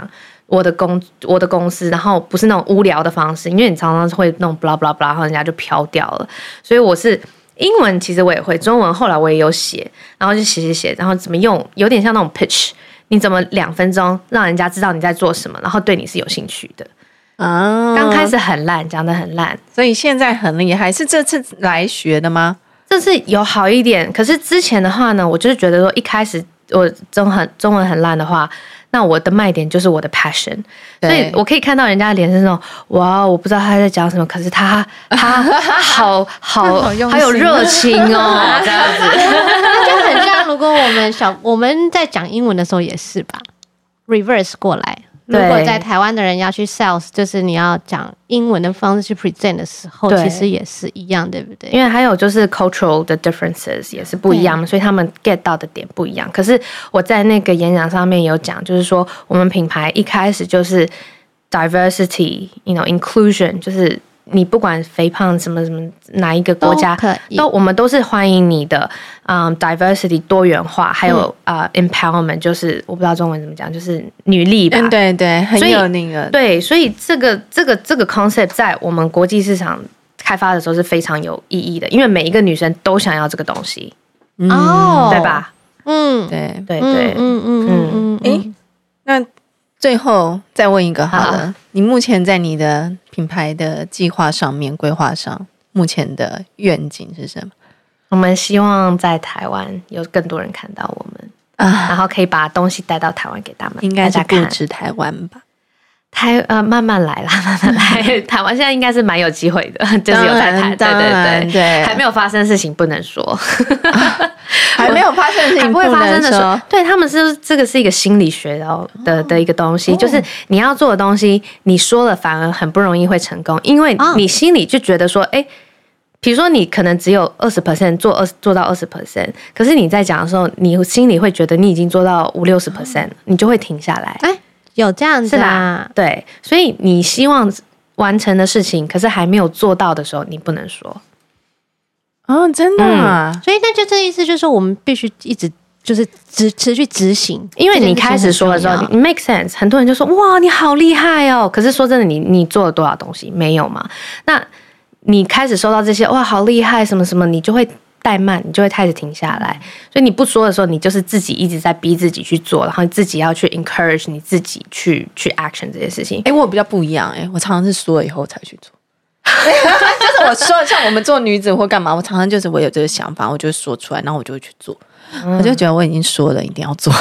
我的公我的公司，然後不是那種無聊的方式，因為你常常會那種 blah blah blah，然後人家就飄掉了。所以我是英文，其實我也會中文，後來我也有寫，然後就寫寫寫，然後怎麼用，有點像那種 pitch，你怎麼兩分鐘讓人家知道你在做什麼，然後對你是有興趣的啊。Oh, 剛開始很爛，講得很爛，所以現在很厲害。是這次來學的嗎？這次有好一點，可是之前的話呢，我就是覺得說一開始我中很中文很爛的話。那我的賣點就是我的 passion，對所以我可以看到人家的臉是那種哇，我不知道他在講什麼，可是他他， [LAUGHS] 他好好，他有熱情哦， [LAUGHS] 這樣子， [LAUGHS] 那就很像如果我們小我們在講英文的時候也是吧，reverse 過來。如果在台灣的人要去 sales，就是你要講英文的方式去 present 的時候，對其實也是一樣，對不對？因為還有就是 cultural 的 differences 也是不一樣，對所以他們 get 到的點不一樣。可是我在那個演講上面有講，就是說我們品牌一開始就是 diversity，you know, inclusion，就是。你不管肥胖什麼什麼哪一個國家，都，都我們都是歡迎你的。嗯、um，diversity 多元化，還有 uh, empowerment，就是我不知道中文怎麼講，就是女力吧。嗯、對對，很有那個。對，所以這個這個這個 concept 在我們國際市場開發的時候是非常有意義的，因為每一個女生都想要這個東西。哦、嗯，對吧？嗯，對對對，嗯嗯嗯嗯，咦、嗯嗯嗯欸，那。最後再問一個好了，好好，你目前在你的品牌的計劃上面規劃上，目前的願景是什麼？我們希望在台灣有更多人看到我們， [LAUGHS] 然後可以把東西帶到台灣給他們，應該是不止台灣吧。呃，慢慢來啦，慢慢來。台灣現在應該是蠻有機會的， [LAUGHS] 就是有在談對然對對對，對了還沒有發生事情不能說， [LAUGHS] 還沒有發生事情不， [LAUGHS] 不會發生的時候，對他們是這個是一個心理學的的的一個東西，哦、就是你要做的東西，你說了反而很不容易會成功，因為你心裡就覺得說，哎、哦，比、欸、如說你可能只有二十 percent 做二做到二十 percent，可是你在講的時候，你心裡會覺得你已經做到五六十 percent，你就會停下來，欸有這樣子、啊，是啦，對，所以你希望完成的事情，可是還沒有做到的時候，你不能說。哦，真的、啊嗯，所以那就這意思，就是說我們必須一直就是持持續執行，因為你開始說的時候，你 make sense，很多人就說哇，你好厲害哦。可是說真的，你你做了多少東西沒有嘛？那你開始收到這些哇，好厲害什麼什麼，你就會。怠慢，你就會開始停下來。所以你不說的時候，你就是自己一直在逼自己去做，然後你自己要去 encourage 你自己去去 action 這些事情。哎、欸，我比較不一樣、欸，哎，我常常是說了以後才去做。 [LAUGHS] [LAUGHS] 就是我說，像我們做女子或幹嘛，我常常就是我有這個想法，我就會說出來，然後我就會去做，嗯、我就覺得我已經說了，一定要做。 [LAUGHS]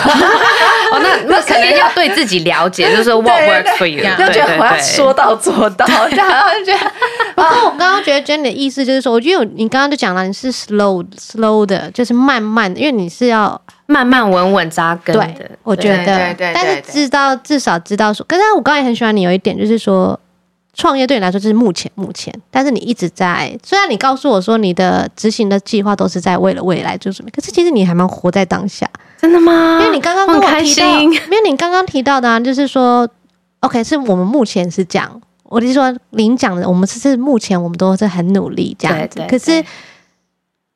哦，那那可能要對自己了解， [LAUGHS] 對對，就是 what works for you，就覺得我要說到做到，然後就覺得。對對對，不過我剛剛覺得 Jenny 的意思就是說，我覺得你剛剛就講了，你是 slow slow 的，就是慢慢因為你是要慢慢穩穩扎根的。對我覺得，對對對對對但是知道，至少知道說，可是剛才我剛剛也很喜歡你有一點就是說。創業對你來說就是目前目前，但是你一直在。雖然你告訴我說你的執行的計劃都是在為了未來做準備，可是其實你還蠻活在當下，真的嗎？因為你剛剛跟我提到，很開心因為你剛剛提到的，就是說 [LAUGHS] ，OK，是我們目前是這樣。我就是說，您講的，我們是目前我們都是很努力這樣子。對對對可是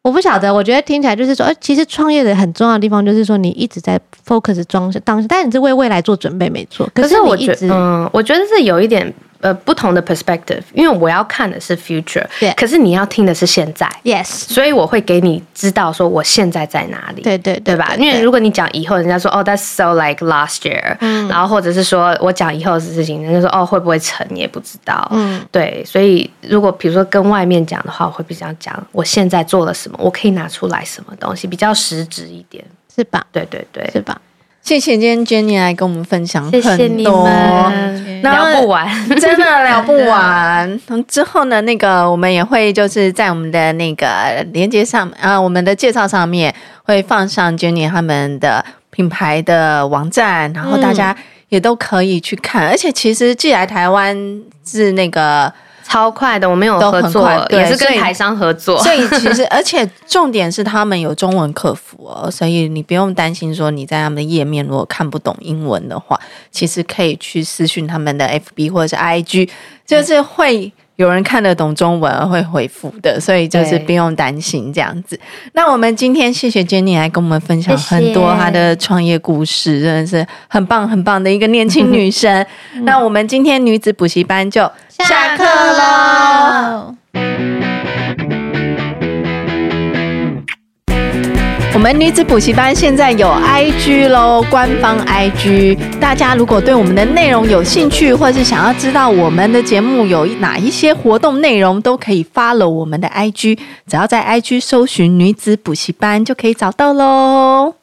我不曉得，我覺得聽起來就是說，其實創業的很重要的地方就是說，你一直在 focus 裝當下，但是你是為未來做準備沒錯。可是我一直我，嗯，我覺得是有一點。呃，不同的 perspective，因為我要看的是 future，對，可是你要聽的是現在，yes，對，所以我會給你知道說我現在在哪裡，對對對對，對吧？因為如果你講以後，人家說哦，oh, that's so like last year，嗯，然後或者是說我講以後的事情，人家說哦，oh, 會不會成你也不知道，嗯，對，所以如果比如說跟外面講的話，我會比較講我現在做了什麼，我可以拿出來什麼東西比較實質一點，是吧？對對對，是吧？謝謝今天 Jenny 來跟我們分享很多，聊不完， [LAUGHS] 真的聊不完。 [LAUGHS] 對然後之後呢，那個我們也會就是在我們的那個連結上啊，呃，我們的介紹上面會放上 Jenny 他們的品牌的網站，然後大家也都可以去看。嗯，而且其實既來台灣是那個。超快的，我們有合作，都很快也是跟台商合作。所以其實，而且重點是他們有中文客服哦，所以你不用擔心說你在他們的頁面如果看不懂英文的話，其實可以去私訊他們的 FB 或者是 IG，就是會。有人看得懂中文而會回復的，所以就是不用擔心這樣子。對那我們今天謝謝 Jenny 來跟我們分享很多她的創業故事，謝謝，真的是很棒很棒的一個年輕女生。 [LAUGHS] 那我們今天女子補習班就下課嘍。我們女子補習班現在有 IG 嘍，官方 IG。大家如果對我們的內容有興趣，或是想要知道我們的節目有哪一些活動內容，都可以 follow 我們的 IG。只要在 IG 搜尋女子補習班，就可以找到嘍。